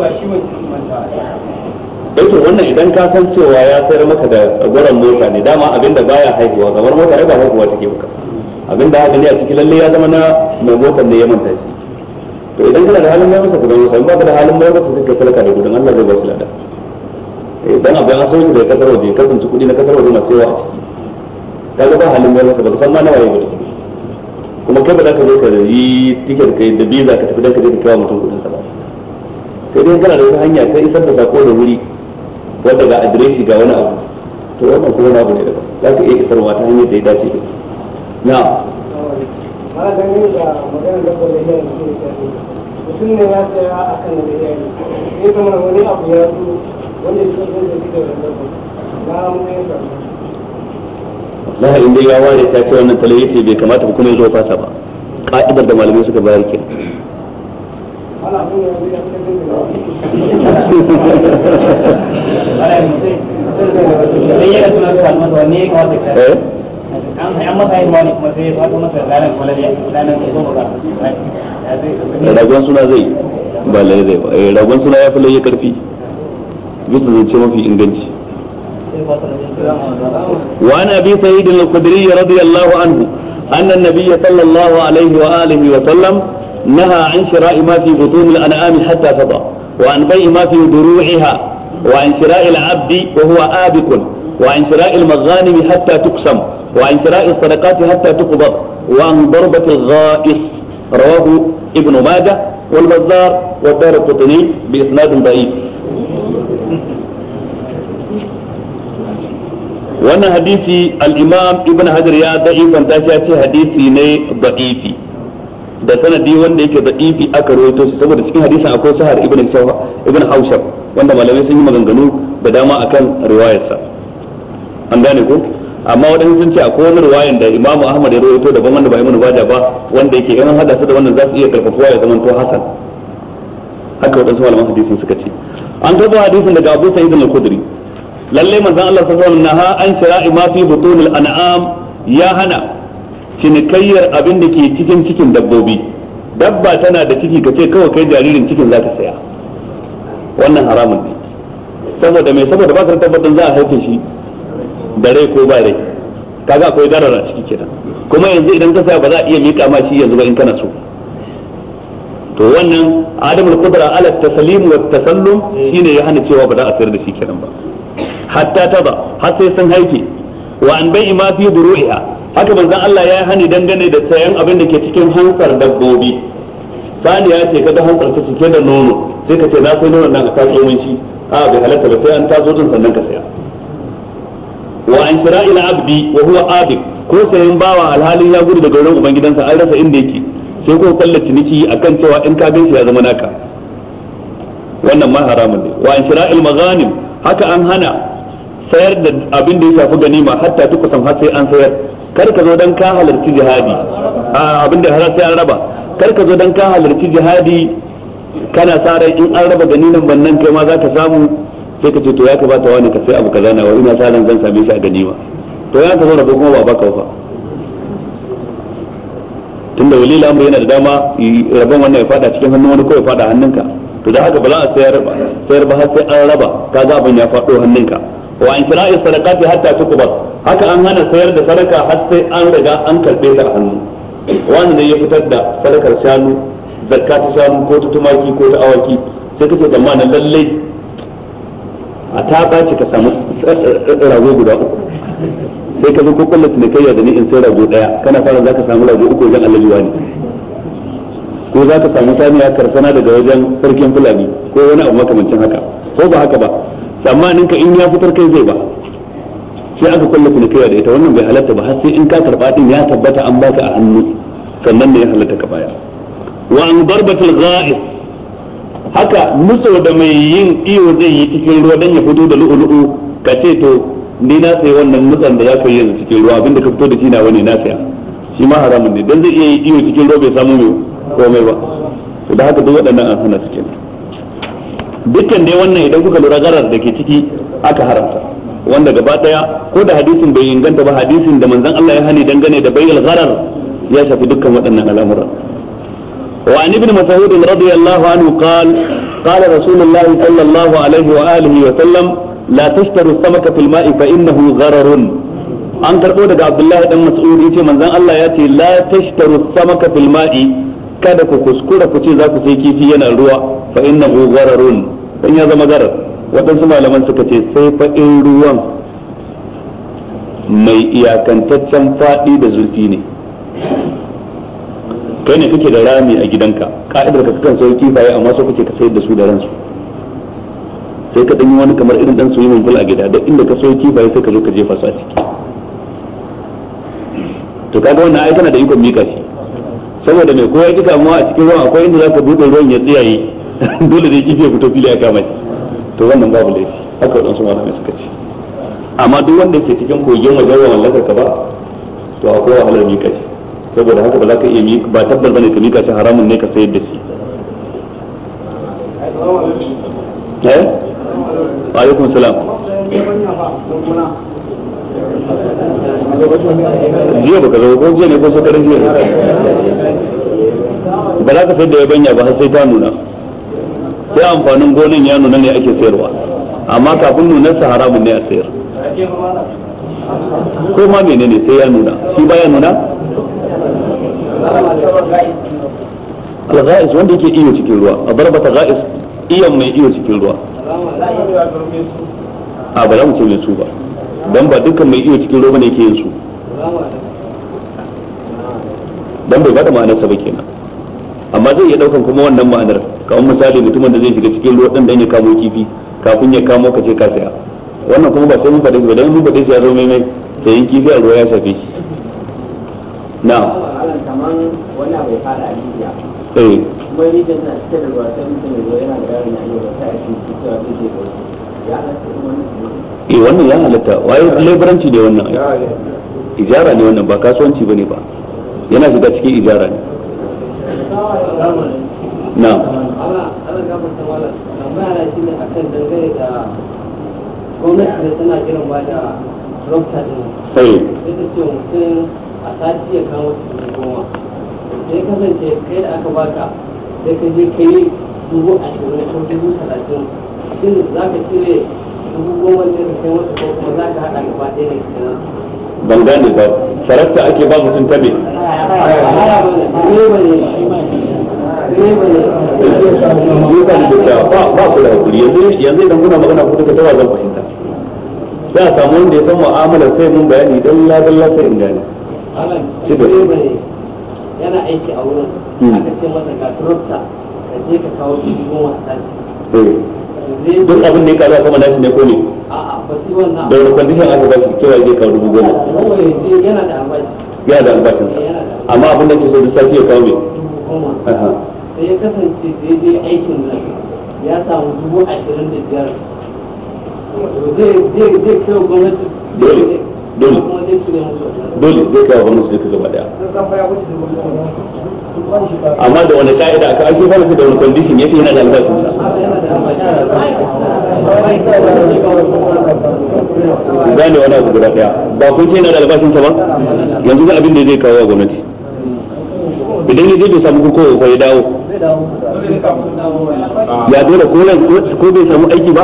eh wannan idan ka san cewa ya sayar maka da gwaran mota ne dama abinda baya haihuwa kamar mota ai ba haihuwa take maka abinda haka ne a cikin lalle ya zama na mai motar ne ya manta shi to idan kana da halin mai masa kudin mota in da halin mota masa sai talaka da kudin Allah zai ba shi lada idan eh abin an sauke da kasar waje kasance kudi na kasar waje masu yawa a ciki kaga ba halin mota ba san ma nawa ya gudu kuma kai ba za ka zo ka yi tiket kai da biza ka tafi da ka je ka kawo mutum kudin sa ba sai dai kana da wata hanya ta isar da sako da wuri wanda ga adireshi ga wani abu to wannan kuma na abu ne daban za ka iya isarwa ta hanyar da ya dace da na mutum ne ya tsaya a kan da ya yi wani abu ya zo ya zo ya ware ta ce wannan talayi bai kamata ba kuma ya zo fasa ba. Ka'idar da malamai suka bayar kenan. ragon suna zai ba lai zai ba eh ragon suna ya fi laye karfi bisa zance mafi inganci وعن ابي سعيد الخدري رضي الله عنه ان النبي صلى الله عليه واله وسلم نهى عن شراء ما في بطون الأنعام حتى تضع وعن بيع ما في دروعها وعن شراء العبد وهو آبق وعن شراء المغانم حتى تقسم وعن شراء الصدقات حتى تقبض وعن ضربة الغائص رواه ابن ماجه والبزار والدار القطني بإسناد ضعيف وأن حديث الإمام ابن حجر يا ضعيفا da'ifan حديث ce hadisi da sanadi wanda yake da ifi aka rawaito shi saboda cikin hadisin akwai sahar ibn shawha ibn haushab wanda malamai sun yi maganganu da dama akan riwayarsa an gane ko amma wadanda sun ce akwai wani riwayan da imamu ahmad ya rawaito daban wanda ba ibn bada ba wanda yake in hada su da wannan za su iya karfafuwa ya zamanto hasan haka wadansu malaman hadisin suka ce an karbo hadisin daga abu sa'id al-khudri lalle manzon Allah sallallahu alaihi wasallam ha an shira'i ma fi butunil an'am ya hana cinikayyar abin da ke cikin cikin dabbobi dabba tana da ciki ka ce kawai kai jaririn cikin za ka saya wannan haramun ne saboda mai saboda ba ka tabbatar za a haife shi da rai ko ba rai kaga akwai darara ciki kenan kuma yanzu idan ka saya ba za a iya mika ma shi yanzu ba in kana so to wannan al qudra ala taslim wa tasallum shine ya hana cewa ba za a sayar da shi kenan ba hatta ba. har sai sun haife wa an bai ma fi duru'iha haka manzon Allah ya yi hani dangane da sayan abin da ke cikin hansar dabbobi saniya ce kada hansar ta cike da nono sai ka ce na sai nono nan a tafi yawan shi a bai halatta ba sai an tazo din sannan ka saya wa an kira ila abdi wa huwa abik ko sayan bawa alhalin ya gudu daga wurin ubangidansa an rasa inda yake sai ko kalla ciniki akan cewa in ka ganshi ya zama naka wannan ma haramun ne wa an shira'il maghanim haka an hana sayar da abin da ya shafi ganima hatta tukusan har sai an sayar kar ka zo dan ka halarci jihadi abin da har sai an raba kar ka zo dan ka halarci jihadi kana sa rai in an raba ganinan bannan kai ma za ka samu sai ka ce to ya kamata wani ka sai abu kaza na wani ina sa ran zan same shi a ganima to ya ka zo rabo kuma ba baka fa tunda wali lamar yana da dama rabon wannan ya fada cikin hannun wani ko ya fada hannunka to da haka ba za a sayar ba sayar ba har sai an raba kaga abin ya fado hannunka wa an kira'i sadaqati hatta tuqbal haka an hana sayar da sadaka har sai an riga an karbe ta hannu wanda ne ya fitar da sadakar shanu zakka ta shanu ko ta tumaki ko ta awaki sai kace da mana lalle a ta baci ka samu rago guda uku sai ka zo ko kullu kai da ni in sai rago daya kana fara zaka samu rago uku idan Allah liwani ko za ka samu saniya karsana daga wajen sarkin fulani ko wani abu makamancin haka ko ba haka ba tsammanin ka in ya fitar kai zai ba sai aka kulle kulikaiya da ita wannan bai halatta ba har sai in ka karba din ya tabbata an baka a hannu sannan ne ya halatta ka baya wa an barbatul gha'is haka musu da mai yin iyo zai yi cikin ruwa dan ya fito da lu'ulu'u ka ce to ni na sai wannan nutsan da ya yi yanzu cikin ruwa abinda ka fito da shi na wani na saya shi ma haramun ne dan zai iya yi iyo cikin ruwa bai samu mai komai ba to da haka duk waɗannan an hana su kenan dukkan dai wannan idan kuka lura garar da ke ciki aka haramta wanda gaba daya ko da hadisin bai inganta ba hadisin da manzon Allah ya hani dangane da bayyal gharar ya shafi dukkan waɗannan al'amuran وعن ابن مسعود رضي الله عنه قال قال رسول الله صلى الله عليه وآله وسلم لا تشتروا السمك في الماء فإنه غرر an karɓo daga abdullahi dan mas'ud yace manzon Allah ya ce la tashtaru samaka fil ma'i kada ku kuskura ku ce za ku sai kifi yana ruwa fa innahu ghararun in ya zama zarar waɗansu malaman suka ce sai fa in ruwan mai iyakantaccen faɗi da zurfi ne kai ne kake da rami a gidanka ka'idar ka kan sauki kifaye amma so kake ka sayar da su da ransu sai ka yi wani kamar irin ɗan su yi manfil a gida da inda ka so kifaye sai ka zo ka jefa su a ciki to kaga wannan ai kana da ikon mika shi saboda mai koya kika mu a cikin ruwan akwai inda zaka buɗe ruwan ya tsiyaye (laughs) dole da kifi ya fito fili ya kama to wannan babu laifi haka wadansu malamai suka ce amma duk wanda ke cikin kogin wajen wa mallakar ka ba to akwai wahalar mika shi saboda haka ba za ka iya mika ba tabbar bane ka mika shi haramun ne ka sayar da shi eh wa alaikum salam jiya baka zo ko jiya ne ko sakarin jiya ba za ka sayar da yabanya ba har sai ta nuna sai amfanin gonin ya nuna ne ake sayarwa amma kafin nuna sa haramun ne a sayar ko ma menene sai ya nuna shi ya nuna alga'is wanda yake iyo cikin ruwa a barbata ga'is iyan mai iyo cikin ruwa a ba za mu ce su ba don ba dukkan mai iyo cikin ruwa ne ke yin su don bai bada ma'anar ba kenan amma zai iya daukan kuma wannan ma'anar kamar misali mutumin da zai shiga cikin ruwa dan ya kamo kifi kafin ya kamo ka ce ka saya wannan kuma ba sai mun faɗi ba dan mun faɗi shi ya zo mai mai sayan kifi a ruwa ya shafe shi na'am wani abu ya fara a eh kuma ni da na cike da ruwa sai mutum ya zo yana da yaron ya yi wa ta shi cewa zai je ya halatta wannan eh wannan ya halatta waye leburanci ne wannan ijara ne wannan ba kasuwanci bane ba yana shiga cikin ijara ne na'am gwamnati da tana jiran ba da rokta din sai ta ce mutum a sati ya kawo su goma sai kasance kai da aka baka sai ka je ka yi dubu ashirin ko dubu talatin shin za ka cire dubu goma ne ka kai wasu ko kuma za ka haɗa gaba ɗaya ne kenan ban gane ba ake ba mutum tabe ba ku da hakuri yanzu idan kuna magana ku duka tawa zan fahimta a samu wanda ya san mu'amalar sai mun bayani dan la sai in gane shi da yana aiki a wurin hmm. aka ce masa ga turta ka je ka kawo shi goma a duk abin da ya karu a sama nashi ne ko ne da wani kwandishin aka ba shi cewa zai kawo dubu goma yana da albashin eh, amma abin da ke so da sati ya kawo mai ya kasance daidai aikin nan ya samu dubu ashirin da biyar dole dole dole zai kai gwamnati sai gaba daya amma da wani ka'ida aka ake fara da wani condition yake yana da gane wani abu guda daya ba kun yana da albashin ba yanzu ga abin da zai kawo gwamnati idan ya bai samu ko ya dawo ya dole ko ko bai samu aiki ba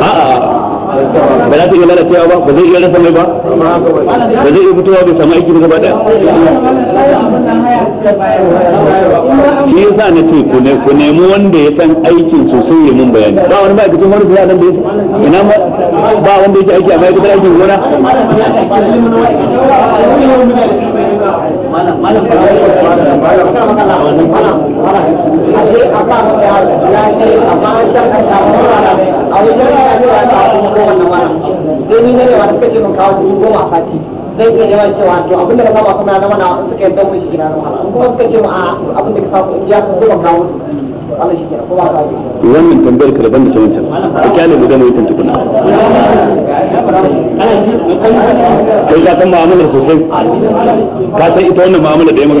a'a ba za ta iya lalacewa ba ba zai iya rasa mai ba ba zai iya fitowa bai samu aiki gaba daya shi yasa na ce ku nemi wanda ya san aikin sun yi mun bayani ba wani ma'aikacin wani kuwa nan da ya ma. ba wanda yake aiki a ma'aikatar aikin gona malam a wajen ta wannan sai ni ne wata mun kawo dubu goma sati zai iya yawan cewa to abin da ka saba kuma mun na kuma suka ce mu a abin da ka saba ya goma kawo wannan tambayar ka daban da ta wancan ka kyale mu gama wancan tukuna kai ka san mu'amalar sosai ka san ita wannan mu'amala da ya mara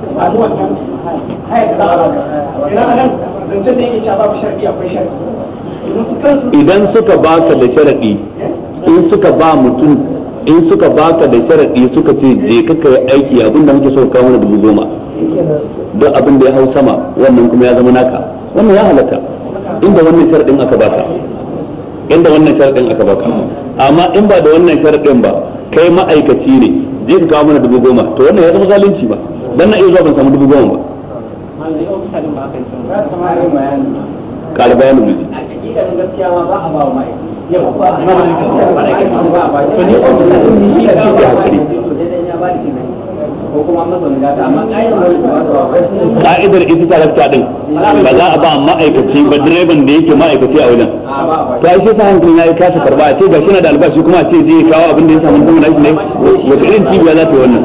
haya da za a nan da yake cewa babu akwai idan suka baka da sharaɗi in suka ba mutum in suka baka da sharaɗi suka ce je ka kai aiki abin da muke so kawo mana dubu goma don abin da ya hau sama wannan kuma ya zama naka wannan ya halatta inda wannan sharaɗin aka baka inda wannan sharaɗin aka baka amma in ba da wannan sharaɗin ba kai ma'aikaci ne je ka kawo mana dubu goma to wannan ya zama zalunci ba dan na iya zuwa ban samu dubu goma ba kare bayanin mai ka'idar ita ta rafta din ba za a ba ma'aikaci ba direban da yake ma'aikaci a wajen to a sai ta hankali ya yi kasa karba a ce ga shi na da albashi kuma a ce zai kawo abin da ya samu kuma na shi ne wata irin cibiya za ta yi wannan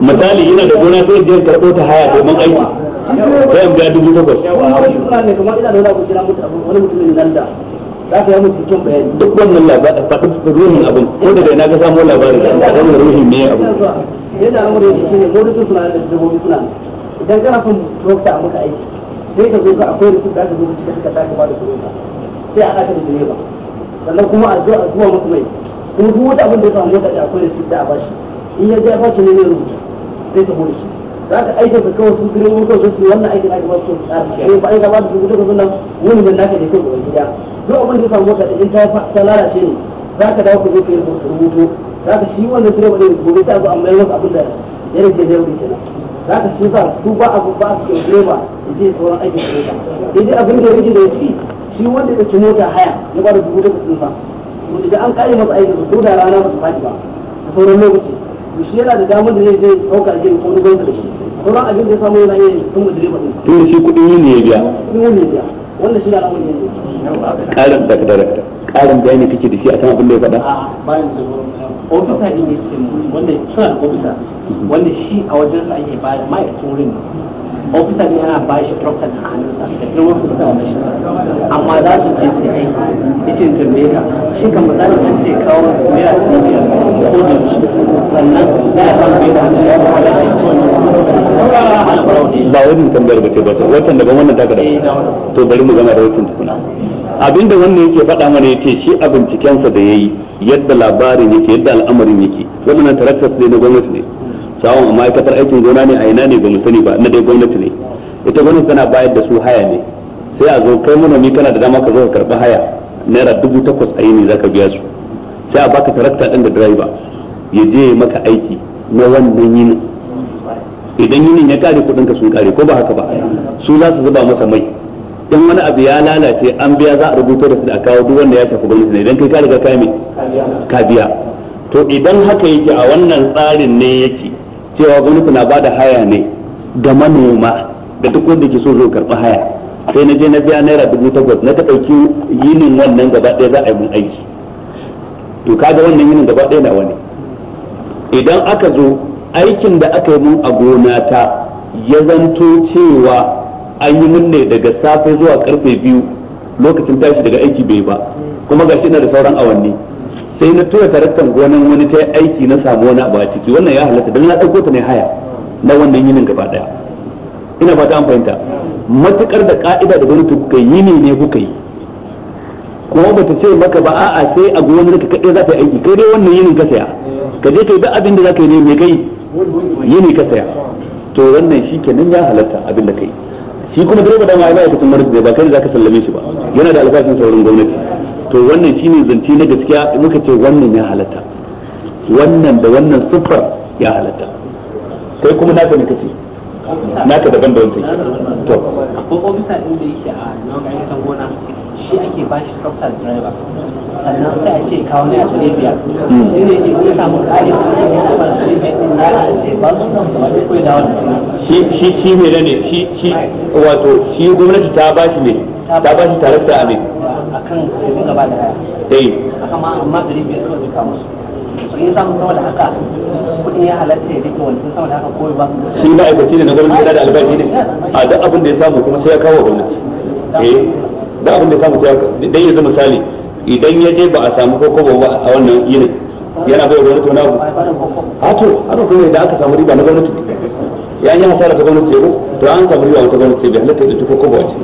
misali yana da gona sai je karɓo ta haya domin aiki sai in biya dubu takwas duk wannan labarin faɗi ruhin abin ko da ga samu labarin da ruhin ne abin yadda motocin suna da dabbobi suna idan kana son maka aiki sai ka zo ka akwai da ka zo ka cika ka sai a da direba kuma a zuwa a zuwa mai kuma duk wata abin da ya samu mota da a bashi in ya ne ne rubuta sai ka bude shi za ka aikin ka kawai su gidan mun kawai su wannan aikin ake ba su tsari ba ai gaba da su gudu ka sunan wani da naka ne kawai gida duk abin da samu ka in ta lalace ne za ka dawo ka zo ka yi rubutu za ka shi wannan direba ne gobe ta zo amma yanzu abin da ya rage da yau kenan za ka shi sa su ba abu ba su ke direba da zai sauran aikin direba idan abin da ya rage da ya shi wanda ya ci mota haya ya ba da dubu da kuɗin sa an kare masa aikin su ko da rana ba su faɗi ba a sauran lokaci shi yana da damar da zai zai ɗauka a gini ko wani gwamnati da ya sauran abin da ya samu yana yin sun mutu direba ɗin tun shi kuɗin yini ya biya kuɗin yini ya biya wannan shi ne al'amari ne ƙarin da ka darakta ƙarin bayani kake da shi akan abin da ya faɗa bayan da ofisa ne ya ce wanda suna da ofisa wanda shi a wajen sa ake bayar ma'aikacin wurin ofisar ne yana ba shi profit a hannunsa da kuma amma za su je su yi cikin jamaica shi kan misali an ce kawo mera ko da sannan za a ba bai da hannun kuma ba wajen tambayar ba ce ba ta watan daban wannan ta da eh, to bari mu gama da tukuna abinda wannan yake faɗa mana yake shi a bincikensa da yayi yadda labarin yake yadda al'amarin yake wannan taraktas ne na gwamnati ne shawon ma'aikatar aikin gona ne a ina ne ba mu sani ba na dai gwamnati ne ita gwamnati tana bayar da su haya ne sai a zo kai manomi kana da dama ka zo ka karɓi haya naira dubu takwas a yini ka biya su sai a baka tarakta ɗin da direba ya je maka aiki na wannan yinin idan yinin ya kare kuɗin ka sun kare ko ba haka ba su za su zuba masa mai in wani abu ya lalace an biya za a rubuta da su da kawo duk wanda ya shafi gwamnati ne idan kai ka riga ka ka biya to idan haka yake a wannan tsarin ne yake cewa gwamnati na bada haya ne ga manoma da duk wanda ke so zo karɓi haya sai na je na biya naira dubu takwas na ta ɗauki yinin wannan gaba ɗaya za a yi mun aiki to kaga wannan yinin gaba ɗaya na wani idan aka zo aikin da aka yi mun a gona ta ya zanto cewa an yi mun ne daga safe zuwa karfe biyu lokacin tashi daga aiki bai ba kuma gashi na da sauran awanni sai na tura taraktan gonan wani ta aiki na samu wani abu a ciki wannan ya halatta don na ɗauko ta ne haya na wannan yinin gaba daya ina fata an fahimta matukar da ka'ida da gwamnati kuka yi ne ne kuka yi kuma ba ta ce maka ba a'a sai a gonan ka kaɗai za ta yi aiki kai dai wannan yinin ka saya ka je kai duk abin da za ka yi ne mai kai yini ka saya to wannan shi kenan ya halatta abin da kai shi kuma direba da ma'aikata tun marar da ba kai da za ka sallame shi ba yana da alfashin sauran gwamnati to wannan shine zance na gaskiya muka ce wannan ya halatta wannan da wannan siffar ya halatta kai kuma naka ne kace naka daban da wancan to akwai ko bisa inda yake a nan ayyukan gona shi ake ba shi tractor driver sannan sai a ce kawo ne a tare shi ne ke kuma samu kare shi shi shi ne shi shi wato shi gwamnati ta ba shi ne ta ba shi tarakta a ne akan su gaba da haya eh akan ma amma dari biyar kawai zai kawo su in samu sama da haka kudin ya halatta eh, eh, ya rike ah, wancan sama da haka ko ba shi ma'aikaci ne na gwamnati da albashi ne a duk abin da ya samu kuma sai ya kawo gwamnati eh Da abin da ya samu sai ya kawo dan yanzu misali idan ya je ba a samu ko kobo ba a wannan yinin yana bai gwamnati wani abu a to a to kuma idan aka samu riba na gwamnati ya yi mafara ta gwamnati ko to an samu riba ta gwamnati bai halatta da tuko ko ba wace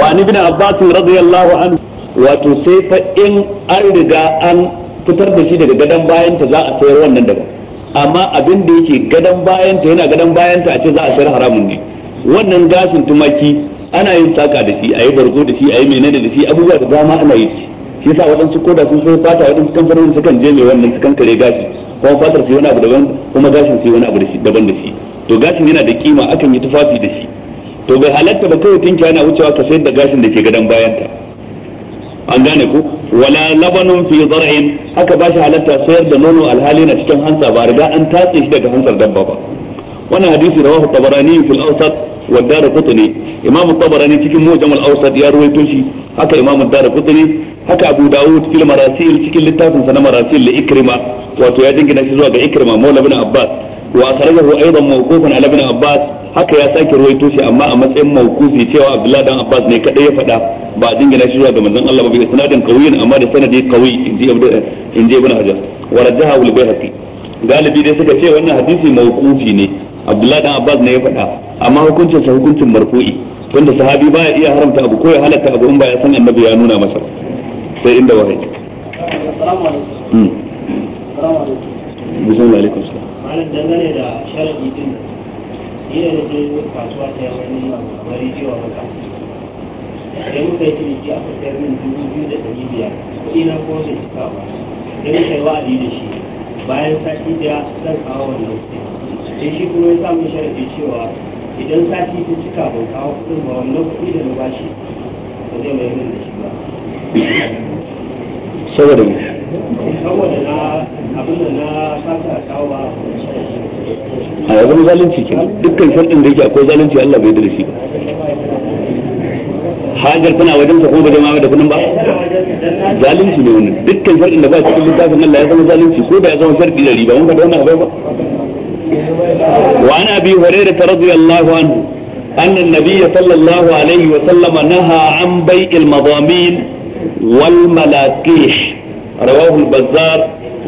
wa ni bin abbasin radiyallahu anhu wato sai fa in an riga an fitar da shi daga gadon bayan ta za a sayar wannan daga amma abin da yake gadon bayan ta yana gadon bayan ta a ce za a sayar haramun ne wannan gashin tumaki ana yin saka da shi a yi bargo da shi a yi menene da shi abubuwa da dama ana yi shi yasa waɗansu koda sun sai fata waɗansu kamfanonin sukan je mai wannan sukan kare gasi. kuma fatar sai wani abu daban kuma gashin sai wani abu daban da shi to gashin yana da kima akan yi tufafi da shi to bai halatta ba kawai tinki yana wucewa ka sayar da gashin da ke gadan ta. an gane ku wala labanun fi zar'in haka ba shi halatta sayar da nono alhali na cikin hansa ba riga an tatse shi daga hansar dabba ba wannan hadisi rawahu tabarani fil awsat wa dar qutni imam tabarani cikin mujam al awsat ya ruwaito shi haka imam dar qutni haka abu dawud fil marasil cikin littafin sa na marasil li ikrima wato ya dingina shi zuwa ga ikrima maula ibn abbas wa akhrajahu aidan mawqufan ala ibn abbas haka ya sake ruwaito shi amma a matsayin mawqufi cewa abdullahi dan abbas ne kadai ya fada ba a dingina shi zuwa ga manzon Allah ba bi sanadin qawiyin amma da sanadi qawi inji inji ibn hajar wa rajaha wal bayhaqi galibi dai suka ce wannan hadisi mawqufi ne abdullahi dan abbas ne ya fada amma hukuncin sa hukuncin marfu'i tunda sahabi baya iya haramta abu ko ya halatta abu in ba ya san annabi ya nuna masa sai inda wahayi hmm. bismillah alaikum salam malam dangane da sharadi din yana da ke kasuwa ta wani bari jiwa maka sai muka yi ciniki aka sayar min dubu biyu da ɗari biyar kuɗi na ko da cika ba sai muka yi wa'adi da shi bayan sati da zan kawo wannan sai shi kuma ya samu sharadi cewa idan sati ta cika ban kawo kuɗin ba wannan kuɗi da na bashi ba zai mai min da shi ba saboda ne a yanzu zalunci ke dukkan sharɗin da yake akwai zalunci Allah bai da hajar tana wajen sa kuma ba da kudin ba zalunci ne wani dukkan sharɗin da ba cikin littafin Allah ya zama zalunci ko da ya zama sharɗi da riba mun faɗa wannan ba wa ana abi hurairah radiyallahu anhu أن النبي صلى الله عليه وسلم نهى عن بيع المضامين والملاقيح رواه البزار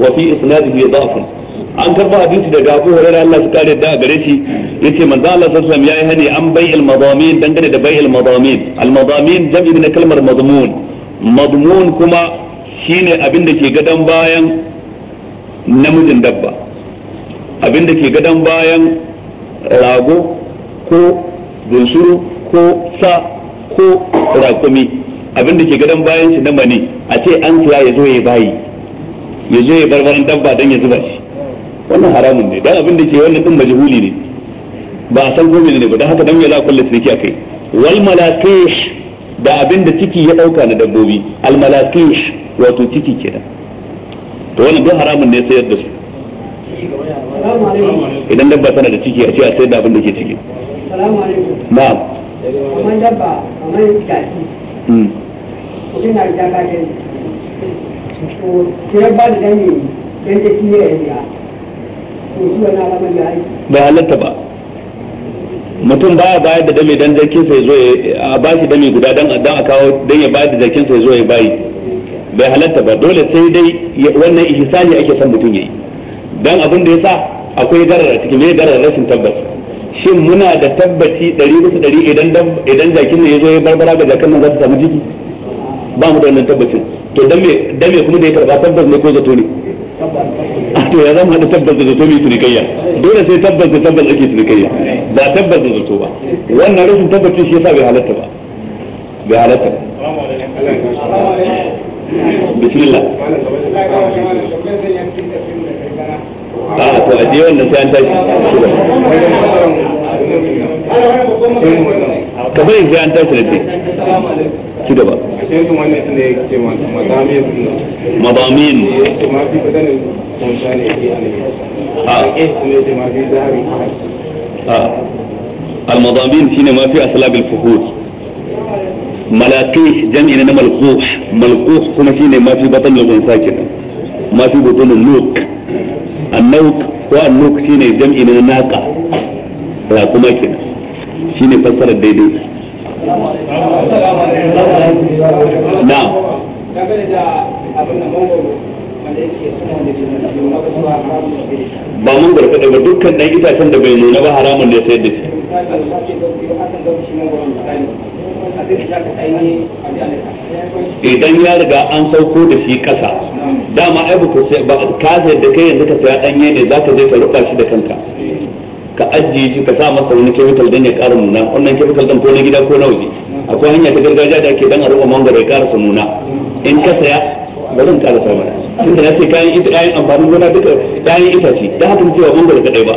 وفي إسناده ضعف an karba hadisi daga Abu Hurairah Allah su kare da gare shi yace manzo Allah sallallahu alaihi ya yi hani an bai'il madamin dangane da bai'il madamin al madamin jam'i na kalmar madmun madmun kuma shine abin da ke gadan bayan namijin dabba abin da ke gadan bayan rago ko bunsuru ko sa ko rakumi abin da ke gadon bayan shi na mani a ce an siya ya zo ya bayi ya zo ya barbarin dabba don ya zuba shi wannan haramun ne dan abin da ke wannan din majhuli ne ba a san ko ne ba dan haka dan me za a kulle ciniki akai wal malaqih da abin da ciki ya dauka na dabbobi al malaqih wato ciki kenan to wannan duk haramun ne sayar da su idan dabba tana da ciki a ce a sayar da abin da ke ciki na'am kamar dabba kamar kaji mutum na riga kaje to sai ba da dani dan da shi ya riga to shi wannan alamar ya yi. bai halatta ba mutum baya bayar da dami dan jakin sai zo a ba shi guda dan dan a kawo dan ya bayar da jakin sai zo ya bayi bai halatta ba dole sai dai wannan ihsani ake son mutum yayi dan abin da yasa akwai garar cikin me garar rashin tabbas shin muna da tabbaci 100 idan idan jakin ne ya zo ya barbara ga jakin nan za su samu jiki ba mu da wannan tabbacin to dan me dan me kuma da ya karba tabbas ne ko zato ne ah, to ya zama da tabbas da zato mai tunikayya dole sai tabbas da tabbas ake tunikayya ba tabbas da zato ba wannan rashin tabbacin shi yasa bai halatta ba bai halatta bismillah a to a je wannan sai an tashi ka bari sai an tashi da ci gaba. Madamin. Ah. Ah. Al-madamin shi ne mafi asalabil fuhud. Malakai jan ina kuma shi mafi batan lagun sake nan, mafi batunan nuk, annuk ko annuk shi ne jan ina na naka, rakuma kenan shi fassarar daidai. ba mun garka daga dukkan dan itacen da bai nuna ba haramun ne sai da idan ya riga an sauko da shi kasa dama ai ba ka da kai yanzu ka saya danye ne zaka je ka rufa shi da kanka ka ajiye shi ka sa masa wani kemikal dan ya ƙara nuna wannan kemikal dan ko na gida ko na waje akwai hanya ta gargajiya da ake dan a ruwa mangoro ya ƙara nuna in ka saya ba zan ƙara samu mana tunda ya ce kayan ita kayan amfanin gona duka kayan itace da haka cewa mangoro dai ba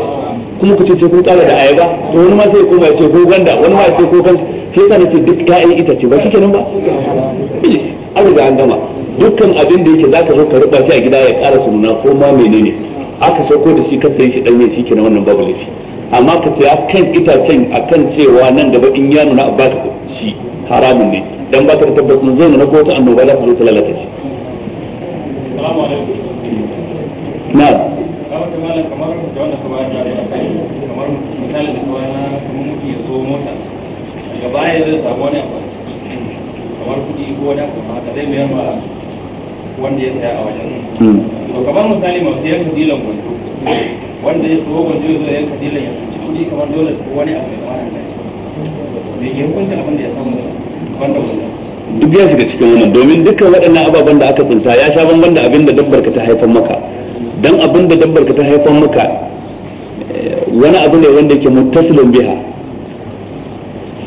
kuma ku ce kun ƙara da ayaba to wani ma sai ya koma ya ce ko ganda wani ma ya ce ko kan sai yasa nace duk kayan itace ba shikenan ba an riga an gama dukkan abin da yake zaka zo ka ruba shi a gida ya ƙara nuna ko ma menene aka sauko da shi ka sayi shi danye shi kenan wannan babu laifi amma ka saya kan itacen akan cewa nan gaba in ya nuna a baka shi haramun ne dan ba ka tabbacin zai nuna ko ta annoba za ta zo ta lalata shi na kamar da wanda ka bayar da akai kamar misali da kawai na kuma mutum ya zo mota daga baya zai samu wani abu kamar kuɗi ko wani abu haka zai mayar ma wanda ya saya a wajen hmm. to kamar misali masu yan kadilan gwanjo wanda ya tsoho gwanjo ya zo yan kadilan ya tsoci kuɗi kamar dole ko wani abu ya kamar hanta me ke hukunta abin da ya samu wanda wanda. duk ya shiga cikin wannan domin dukkan waɗannan ababen da aka tsinta ya sha bamban da abin da dabbar ka ta haifar maka dan abin da dabbar ka ta haifar maka eh, wani abu ne wanda ke muttasilin biha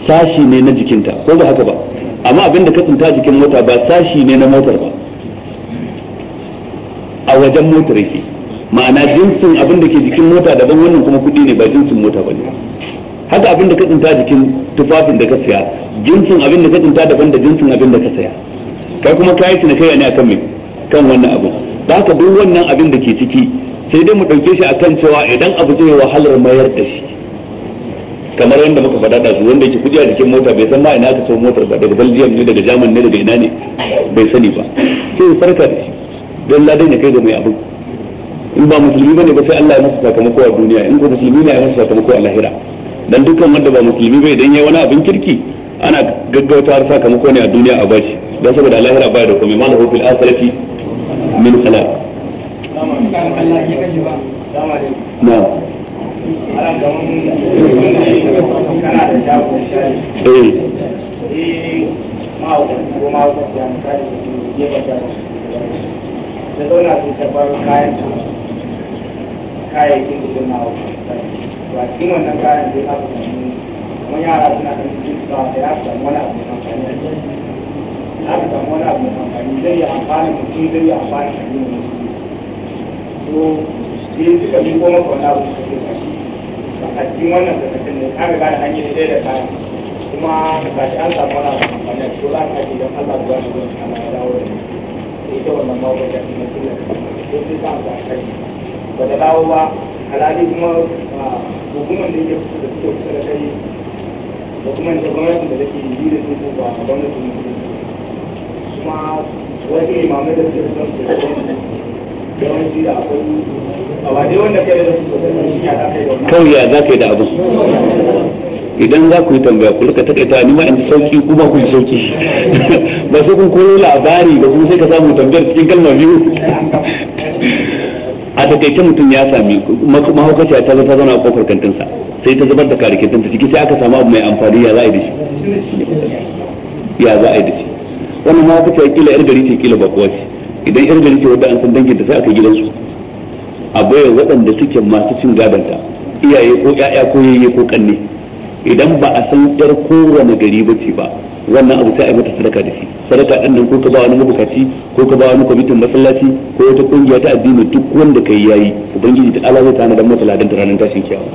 sashi ne na jikinta ko ba haka ba amma abin da ka tsinta jikin mota ba sashi ne na motar ba a wajen motar yake ma'ana jinsin abin da ke jikin mota daban wannan kuma kuɗi ne ba jinsin mota ba ne haka abin da ka tsinta jikin tufafin da ka saya jinsin abin da ka tsinta daban da jinsin abin da ka saya kai kuma kayi kai ne akan me kan wannan abu da haka duk wannan abin da ke ciki sai dai mu ɗauke shi akan cewa idan abu zai wahalar mayar da shi kamar yadda muka faɗa da su wanda yake kuɗi a jikin mota bai san ma ina ka so motar ba daga Belgium ne daga German ne daga ina ne bai sani ba sai ya farka da shi don ladai ya kai da mai abin in ba musulmi bane ba sai Allah ya masa sakamako a duniya in ko musulmi ne ya masa sakamako a lahira dan dukkan wanda ba musulmi bai dan yayi wani abin kirki ana gaggauta har sakamako ne a duniya a bashi dan saboda a lahira baya da komai ma lahu fil akhirati min khalaq na eh da zauna su tabar kayan su kayayyakin da suna ba cikin wannan kayan zai haka wani yara suna kan su ba da ya samu wani abu mai amfani ya samu wani abu mai amfani zai yi amfani mutum zai yi amfani da yin mutum so sai suka bi koma kwana abu suka ke kashi a cikin wannan kasashen ne an riga da hanyar ɗaya da kayan kuma ga shi an samu wani abu mai amfani to za ka ake don Allah zuwa shi zuwa shi Allah dawo da da ita wannan ko kai ba da dawo ba halali kuma ah, hukumar da da kusa da kai da kuma da da take yi da su ba kuma wani imamai da suke son su yawanci da akwai a wajen wanda kai da su kai da abu (laughs) idan za ku yi tambaya ku rika taƙaita ni ma in sauki kuma ku yi sauki (laughs) ba sai kun koyo labari ba kuma sai ka samu tambayar cikin kalma biyu (laughs) a takaice mutum ya sami mahaukaciya ta ta zauna a kofar kantinsa sai ta zubar da karikin ta ciki sai aka samu abu mai amfani ya za a yi da shi ya za a yi da shi wannan mahaukaciya kila yar gari ce kila ba kuwa ce idan yar gari ce wadda an san dangin ta sai aka gidansu a bayan waɗanda suke masu cin gadanta iyaye ko ƴaƴa ko yayye ko kanne idan ba a san yar kowane gari ba ce ba wannan abu sai a yi mata sadaka da shi sadaka ɗan nan ko ka ba wani mabukaci ko ka ba wani kwamitin masallaci ko wata kungiya ta addini duk wanda kai yayi ubangiji ta Allah zai tana da mata ladan ranar tashin kiyama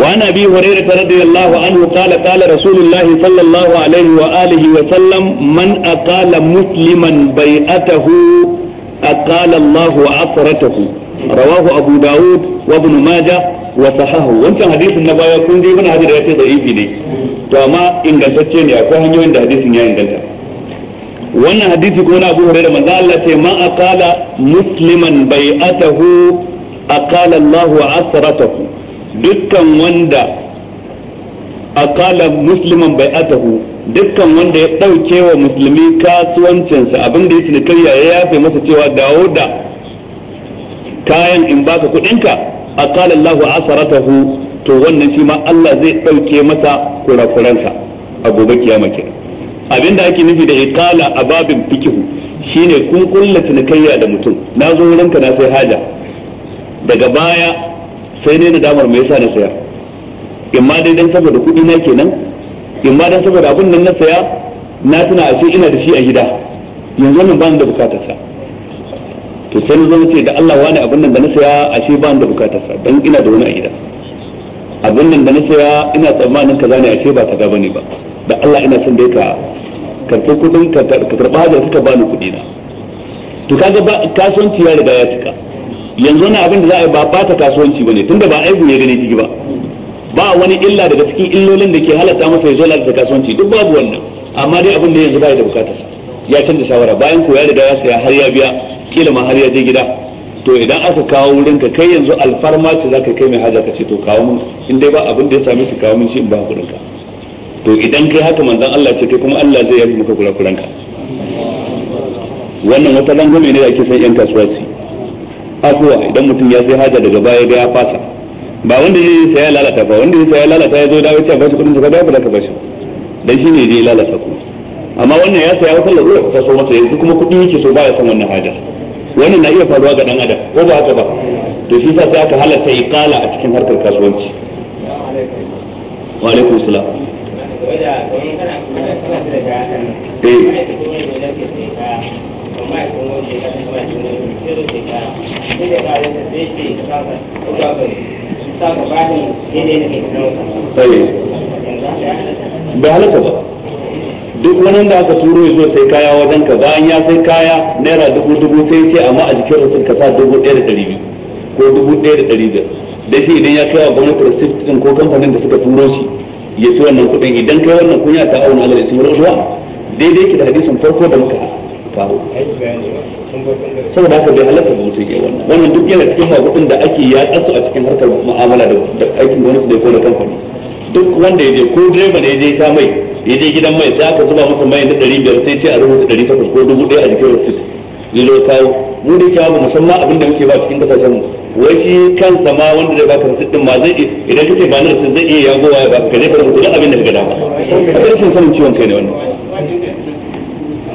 وعن ابي هريره رضي الله عنه قال قال رسول الله صلى الله عليه واله وسلم من اقال مسلما بيعته اقال الله عثرته رواه ابو داود وابن ماجه wa sahahu wancan hadisin na baya kun je mana hadisi ya ce da'ifi ne to amma ingantacce ne akwai hanyoyin da hadisin ya inganta wannan hadisi kuma na Abu Hurairah manzo Allah ce man aqala musliman bai'atahu aqala Allahu asratahu dukkan wanda aqala musliman bai'atahu dukkan wanda ya dauke wa musulmi sa da yake ya cinikayya ya yafe masa cewa dawo da kayan in baka ka. aqala Allahu asaratahu to wannan shi ma Allah zai ɗauke masa kurakuransa a gobe kiyama ke abinda ake nufi da iqala a babin fikihu shine kun kulla cinikayya da mutum na zo wurinka na sai haja daga baya sai ne nadamar me yasa na saya in ma dai dan saboda kuɗi na kenan in ma dan saboda abin nan na saya na tuna a ina da shi a gida yanzu nan bani da bukatarsa to sai na zo ce da Allah wani abin nan da na saya ashe ba da bukatar sa dan ina da wani a gida abin nan da na saya ina tsammanin kaza ne ashe ba kaza bane ba da Allah ina son da ka karɓi kuɗin ka karɓa da suka bani kuɗi na to kaga ba kasuwanci ya riga ya cika yanzu na abin da za a yi ba ta kasuwanci bane tunda ba aibu ne gane ciki ba ba wani illa daga cikin illolin da ke halatta masa ya zo lalata kasuwanci duk babu wannan amma dai abin da yanzu ba da bukatar ya canza shawara bayan ko ya riga ya saya har ya biya kila ma har ya je gida to idan aka kawo wurin ka kai yanzu alfarma ce zaka kai mai haja ka ce to kawo mun in dai ba abin da ya same shi kawo mun shi in ba kudin ka to idan kai haka manzon Allah ce kai kuma Allah zai yafi maka kurakuran ka wannan wata dangane ne da ake san yan kasuwa su afuwa idan mutum ya sai haja daga baya ga ya fasa ba wanda zai saya lalata ba wanda zai saya lalata ya zo da wuce ba shi kudin sa ba za ka bashi dan shi ne zai lalata ku amma wannan ya saya wata lalura ta so masa yanzu kuma kudi yake so ba ya san wannan hajar wannan na iya faruwa ga dan adam ko ba haka ba to shi sa sai aka halatta iqala a cikin harkar kasuwanci wa alaikum salam eh. eh. ba halatta ba duk wani da aka turo ya zo sai kaya wajen ka bayan ya sai kaya naira dubu dubu sai ce amma a jikin rasul ka sa dubu ɗaya da ɗari biyu ko dubu ɗaya da ɗari biyar da shi idan ya kai wa gwamnati rasul ɗin ko kamfanin da suka turo shi ya ci wannan kuɗin idan kai wannan kunya ta auna alal ismi ruwa daidai ki da hadisin farko da muka kawo saboda haka bai halatta da mutum ke wannan wannan duk yana cikin mabuɗin da ake ya tsasu a cikin harkar mu'amala da aikin gwamnati da ya kone kamfani duk wanda ya je ko direba da ya je ta mai ya je gidan mai sai aka zuba masa mai na ɗari biyar sai ce a rubuta ɗari takwas ko dubu ɗaya a jikin rubutu ya zo kawo mu da kyawu musamman abin da muke ba cikin kasashen wai shi kansa ma wanda zai baka rubutu din ma zai idan kake ba na rubutu zai iya yagowa ya baka kare ka rubuta duk abin da kaga dama rashin sanin ciwon kai ne wannan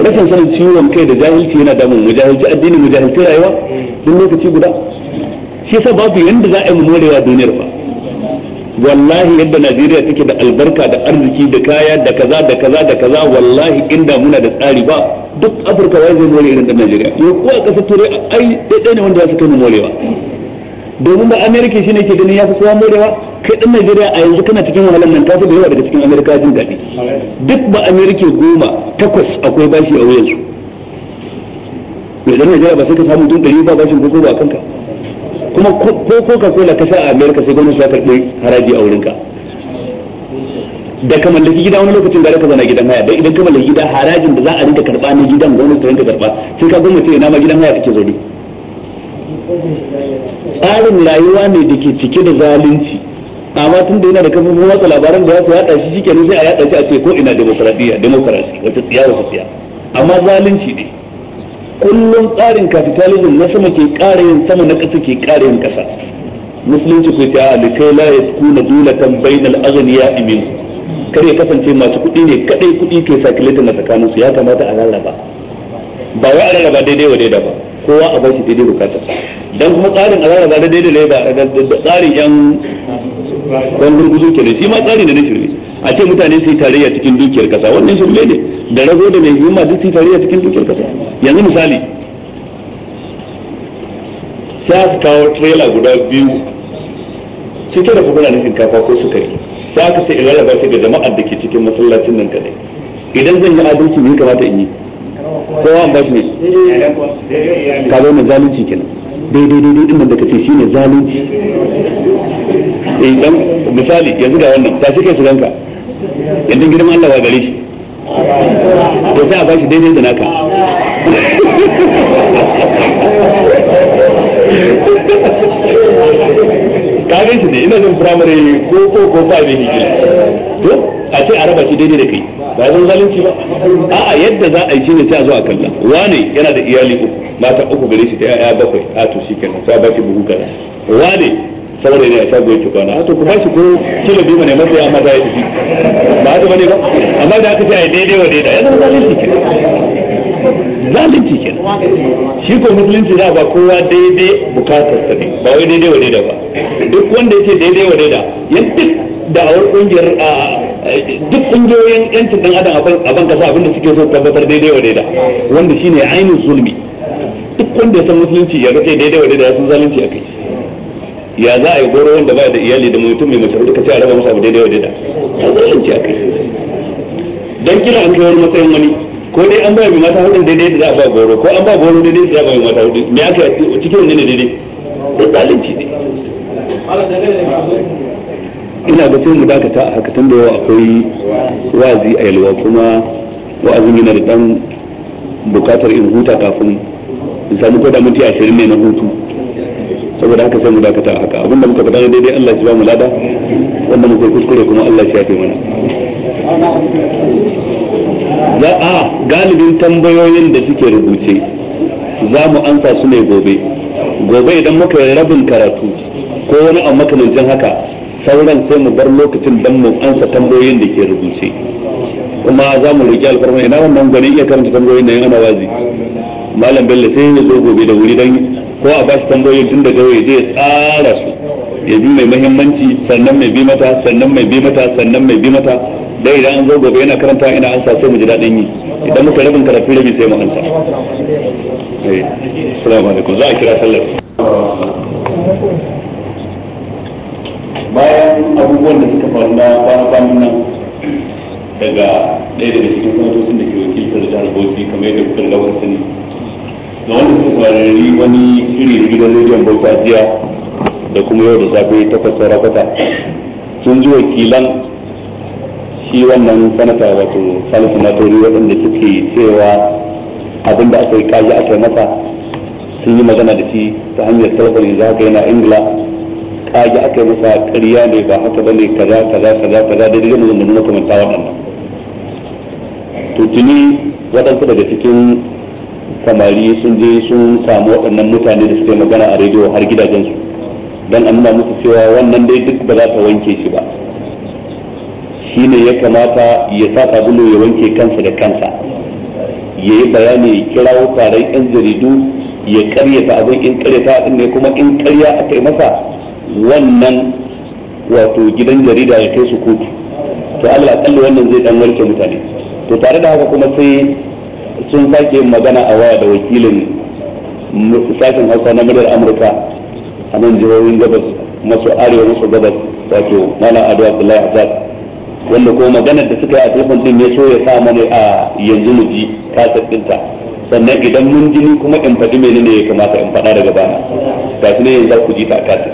rashin sanin ciwon kai da jahilci yana damun mu jahilci addini mu jahilci rayuwa duk lokaci guda shi yasa babu yanda za a yi mu morewa duniyar ba wallahi yadda Najeriya take da albarka da arziki da kaya da kaza da kaza da kaza wallahi inda muna da tsari ba duk Afirka wai zai more irin da Najeriya yo ko a kasar Turai ai dai ne wanda ya su morewa domin ba America shine ke ganin ya fi kowa morewa kai dan Najeriya a yanzu kana cikin wahalar nan tafi da yawa daga cikin America jin daɗi duk ba America goma takwas akwai bashi a wuyansu idan Najeriya ba sai ka samu dun ɗari ba bashin ko ba kanka kuma ko ka cola ka sha a Amerika sai gwamnati ta karɓi haraji a wurinka da ka mallaki gida wani lokacin da ka zana gidan haya dan idan ka mallaki gida harajin da za a rinka karba ne gidan gwamnati ta rinka karba sai ka gwamnati ina ma gidan haya kake zo ne tsarin rayuwa ne da ke cike da zalunci amma tun da yana da kafofin watsa labaran da za su yada shi kenan sai a yada shi a ce ko ina demokradiya demokrasi wata tsiya wata tsiya amma zalunci ne kullum tsarin capitalism na sama ke ƙara yin sama na ƙasa ke ƙara yin ƙasa musulunci ku ta alikai la ya kuna dulatan bainal aghniya min kare kasance masu kuɗi ne kadai kuɗi ke circulating na tsakanin su ya kamata a rarraba ba wai a rarraba daidai wa daidai ba kowa a bashi daidai bukatar dan kuma tsarin a rarraba da daidai ba tsarin yan wannan guzo ne shi ma tsari ne na shirme a ce mutane sai tarayya cikin dukiyar kasa wannan shirme ne da rago da mai himma duk sai tarayya cikin dukiyar kasa yanzu misali sai aka kawo trailer guda biyu cike da kuma na shinkafa ko sukari sai aka ce in rarraba shi ga jama'ar da ke cikin masallacin nan kadai idan zan yi adalci ne kamata in yi kowa an bashi ne ka zo zalunci kenan daidai daidai din da kace shine zalunci idan eh, misali yanzu ga wannan ta shike shiganka idan girman Allah wa gare shi to sai a bashi daidai da naka ka gan shi ne ina jin firamare ko ko ko ba mai hijira to a ce a raba shi daidai da kai ba zan zalunci ba a yadda za a yi shine sai a zo a kalla wane yana da iyali uku mata uku gare shi ta yaya bakwai a to shi kenan sai ba shi buhu kaza wane saboda ne a shago yake kwana to ku ba shi ko kilo biyu ne mafi amma da ya tafi ba haka bane ba amma da aka ce a daidai wa daidai yana zalunci kenan zalunci kenan shi ko musulunci za ba kowa daidai bukatar sa ne ba wai daidai wa daida ba duk wanda yake daidai wa daida yan duk wani kungiyar duk kungiyoyin yancin dan adam a ban kasa abinda suke so tabbatar daidai wa daida wanda shine ainihin zulmi duk wanda ya san musulunci ya kace daidai wa daida ya san zalunci a kai ya za a yi goro wanda ba da iyali da mutum mai mace duka sai a raba masa abu daidai wa daida zalunci a kai dan kila an kai wani matsayin wani ko dai an bayar mata hudun daidai da za a ba goro ko an ba goro daidai da za a ba mata hudun me aka yi cikin wani ne daidai ko zalunci ne ina ga sai mu dakata a haka tun da yawa akwai wazi a yalwa kuma wa'azin yana da dan bukatar in huta kafin in samu ko da minti ashirin ne na hutu saboda haka sai mu dakata a haka abinda muka faɗa daidai Allah shi ba mu lada wanda muka kuskure kuma Allah shi ya fi mana za a galibin tambayoyin da suke rubuce za mu ansa su ne gobe gobe idan muka yi rabin karatu ko wani a makamancin haka sauran sai mu bar lokacin don mu ansa tambayoyin da ke rubuce kuma za mu riƙe alfarma ina wannan gani iya karanta tambayoyin da yin ana wazi malam bello sai ya zo gobe da wuri don ko a bashi tambayoyin tun da gawai zai tsara su ya bi mai mahimmanci sannan mai bi mata sannan mai bi mata sannan mai bi mata dai idan an zo gobe yana karanta ina ansa sai mu ji daɗin yi idan muka rabin karatu rabi sai mu ansa eh, assalamu alaikum za a kira sallar bayan abubuwan da suka faru na kwana-kwanan nan daga ɗaya daga cikin sanatocin da ke wakiltar jihar bauchi kamar yadda kuka wasu ne ga wanda suka kwararri wani shiri na gidan rediyon bauchi a jiya da kuma yau da safe ta takwas kwata sun ji wakilan shi wannan sanata wato salisu tori waɗanda suke cewa abin da aka yi kaji aka yi masa sun yi magana da shi ta hanyar telefon yanzu haka yana ingila kaji aka yi masa ƙarya ne ba haka ba ne kaza kaza kaza kaza da dai mun nuna kamanta waɗannan to tuni waɗansu daga cikin samari sun je sun samu waɗannan mutane da suke magana a rediyo har gidajensu don an nuna musu cewa wannan dai duk ba za ta wanke shi ba shine ya kamata ya sa sabulu ya wanke kansa da kansa ya yi bayani ya kirawo taron yan jaridu ya karyata abin in karyata din ne kuma in karya aka yi masa wannan wato gidan jarida ya kai su kotu to Allah kalli wannan zai dan warke mutane to tare da haka kuma sai sun sake magana a waya da wakilin sashen hausa na muryar amurka a nan jihohin gabas maso arewa maso gabas wato mana adu abdullahi azad wanda ko maganar da suka yi a telefon din ya so ya sa mana a yanzu mu ji kasar dinta sannan idan mun jini kuma in faɗi menene ya kamata in faɗa daga bana ta ne yanzu ku ji ta kasar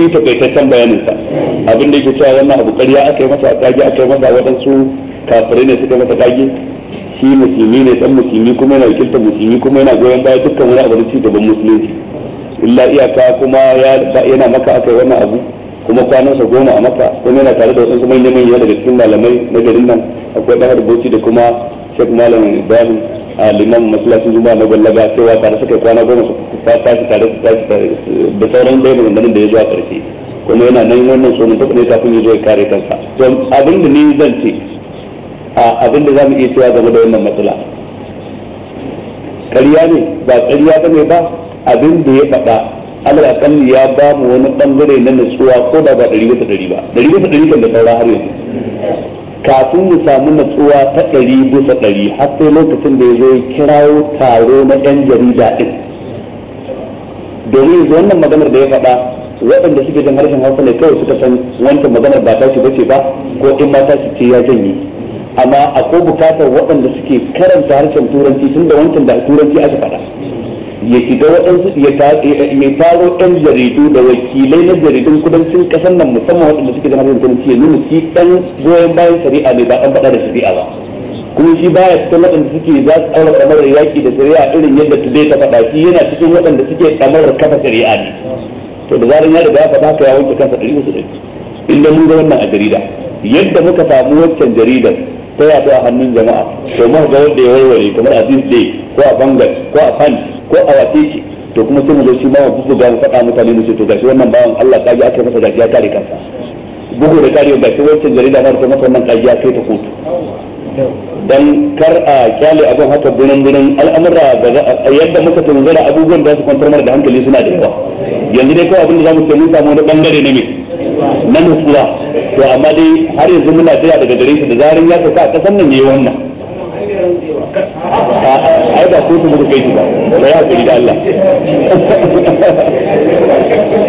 yi takaitaccen bayanin sa abin da yake cewa wannan abu ƙarya aka yi masa kage aka yi masa waɗansu kafirai ne suka masa kage shi musulmi ne dan musulmi kuma yana wakiltar musulmi kuma yana goyon baya dukkan wani abu da ci gaban musulunci illa iyaka kuma yana maka aka yi wannan abu kuma kwanansa goma a maka kuma yana tare da wasu manya manya daga cikin malamai na garin nan akwai ɗan rubuci da kuma shek malam ibrahim a liman masallacin juma'a na gwallaga cewa tare suka kwana goma su ta tashi tare da tashi tare da sauran dai maganganun da ya zuwa karshe kuma yana nan wannan so mun ne tafi ya zo ya kare kansa to abin da ni zan ce a abin da zamu iya cewa game da wannan matsala ƙarya ne ba ƙarya ba ne ba abin da ya faɗa Allah akalli ya ba mu wani bangare na nutsuwa ko da ba ɗari bisa ɗari ba ɗari bisa ɗari kan da saura har yanzu kafin mu samu natsuwa ta ɗari bisa ɗari har sai lokacin da ya zo kirawo taro na 'yan jarida ɗin da wannan maganar da ya faɗa waɗanda suke jin harshen hausa ne kawai suka san wancan maganar ba tashi bace ba ko in ma tashi ce ya janye amma akwai bukatar waɗanda suke karanta harshen turanci tun da wancan da turanci aka faɗa ya shiga waɗansu ya taro ɗan jaridu da wakilai na jaridun kudancin ƙasar nan musamman waɗanda suke jin harshen turanci ya nuna shi ɗan goyon bayan shari'a ne ba ɗan faɗa da shari'a ba kuma shi baya cikin waɗanda suke za su ɗaura kamar yaƙi da shari'a irin yadda today ta faɗa shi yana cikin waɗanda suke kamar kafa shari'a ne to da zaran ya riga ya faɗa ka ya wanke kansa ɗari musu ɗari inda mun ga wannan a jarida yadda muka samu waccan jaridar ta ya a hannun jama'a to mu ga wanda ya warware kamar a day ko a bangal ko a fan ko a wateke to kuma sai mu zo shi ma mu buga mu faɗa mutane mu ce to gashi wannan bawan Allah ji aka masa gashi ya kare kansa bugu da kare gashi waccan jarida ma ta masa wannan kaji ya kai ta kotu dan kar a kyale abin haka burin burin al'amura yadda muka tunzura abubuwan da su kwantar mana da hankali suna da yawa yanzu dai kawai abinda da zamu ce mun samu wani bangare ne mai na nutsuwa to amma dai har yanzu muna jira daga gare shi da zarin ya sauka a kasan nan yayi wannan ai ba ko su muka kai shi ba ba ya hakuri da Allah (laughs)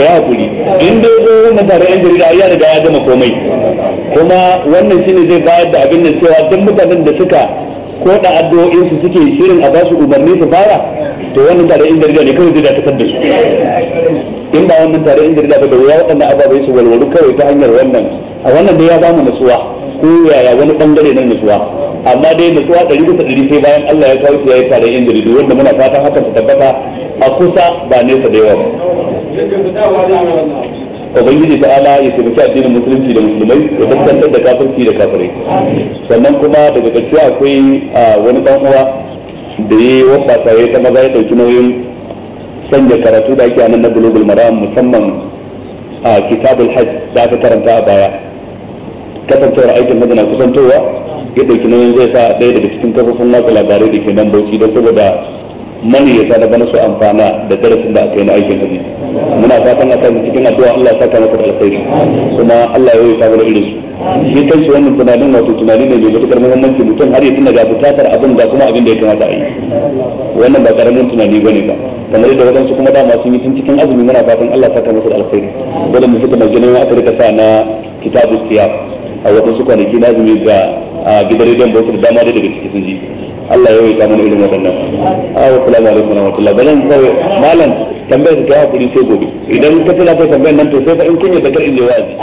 ya hakuri in dai zo wannan taron yan jarida ya riga ya gama komai kuma wannan shine zai bayar da abin da cewa duk mutanen da suka ko da addu'o'in su suke shirin a basu umarni su fara to wannan taron yan jarida ne kawai zai dakatar da su in ba wannan taron yan jarida ba da wuya waɗannan ababai su walwalu kawai ta hanyar wannan a wannan dai ya bamu nutsuwa ko yaya wani bangare na nutsuwa amma dai nutsuwa ɗari bisa ɗari sai bayan Allah ya kawo su ya yi taron yan wanda muna fatan hakan ta tabbata a kusa ba nesa da yawa ubangiji ta ala ya taimaki addinin musulunci da musulmai ya tabbatar da kafirci da kafirai sannan kuma daga gaskiya akwai wani dan uwa da yayi wabba tare ta maza ya dauki nauyin sanya karatu da ake anan na maram musamman a kitabul hajj da aka karanta a baya kasancewar aikin madana kusantowa ya dauki nauyin zai sa daya daga cikin kafofin watsa labarai da ke nan bauchi don saboda ya da bana su amfana da darasin da aka yi na aikin hajji muna fatan a kan cikin addu'a Allah ya saka maka da alkhairi kuma Allah ya yi ta mana irin su shi kanshi wannan tunanin wato tunani ne mai matuƙar muhimmanci mutum har ya tuna ga bukatar abin da kuma abin da ya kamata a yi wannan ba karamin tunani bane ba kamar yadda wadansu kuma dama sun yi tun cikin azumi muna fatan Allah ya saka maka da alkhairi dole mu fita majalisa aka rika sa na kitabu siyar a wadansu kwanaki na azumi ga gidan rediyon bautar dama dai daga cikin sun ji Allah ya yawaita mana irin waɗannan awa salamu alaikum wa rahmatullah ba zan kawai malam tambayar ta hakuri sai gobe idan ka tana ta tambayar nan to sai fa in kun yi da kar in je wa'azi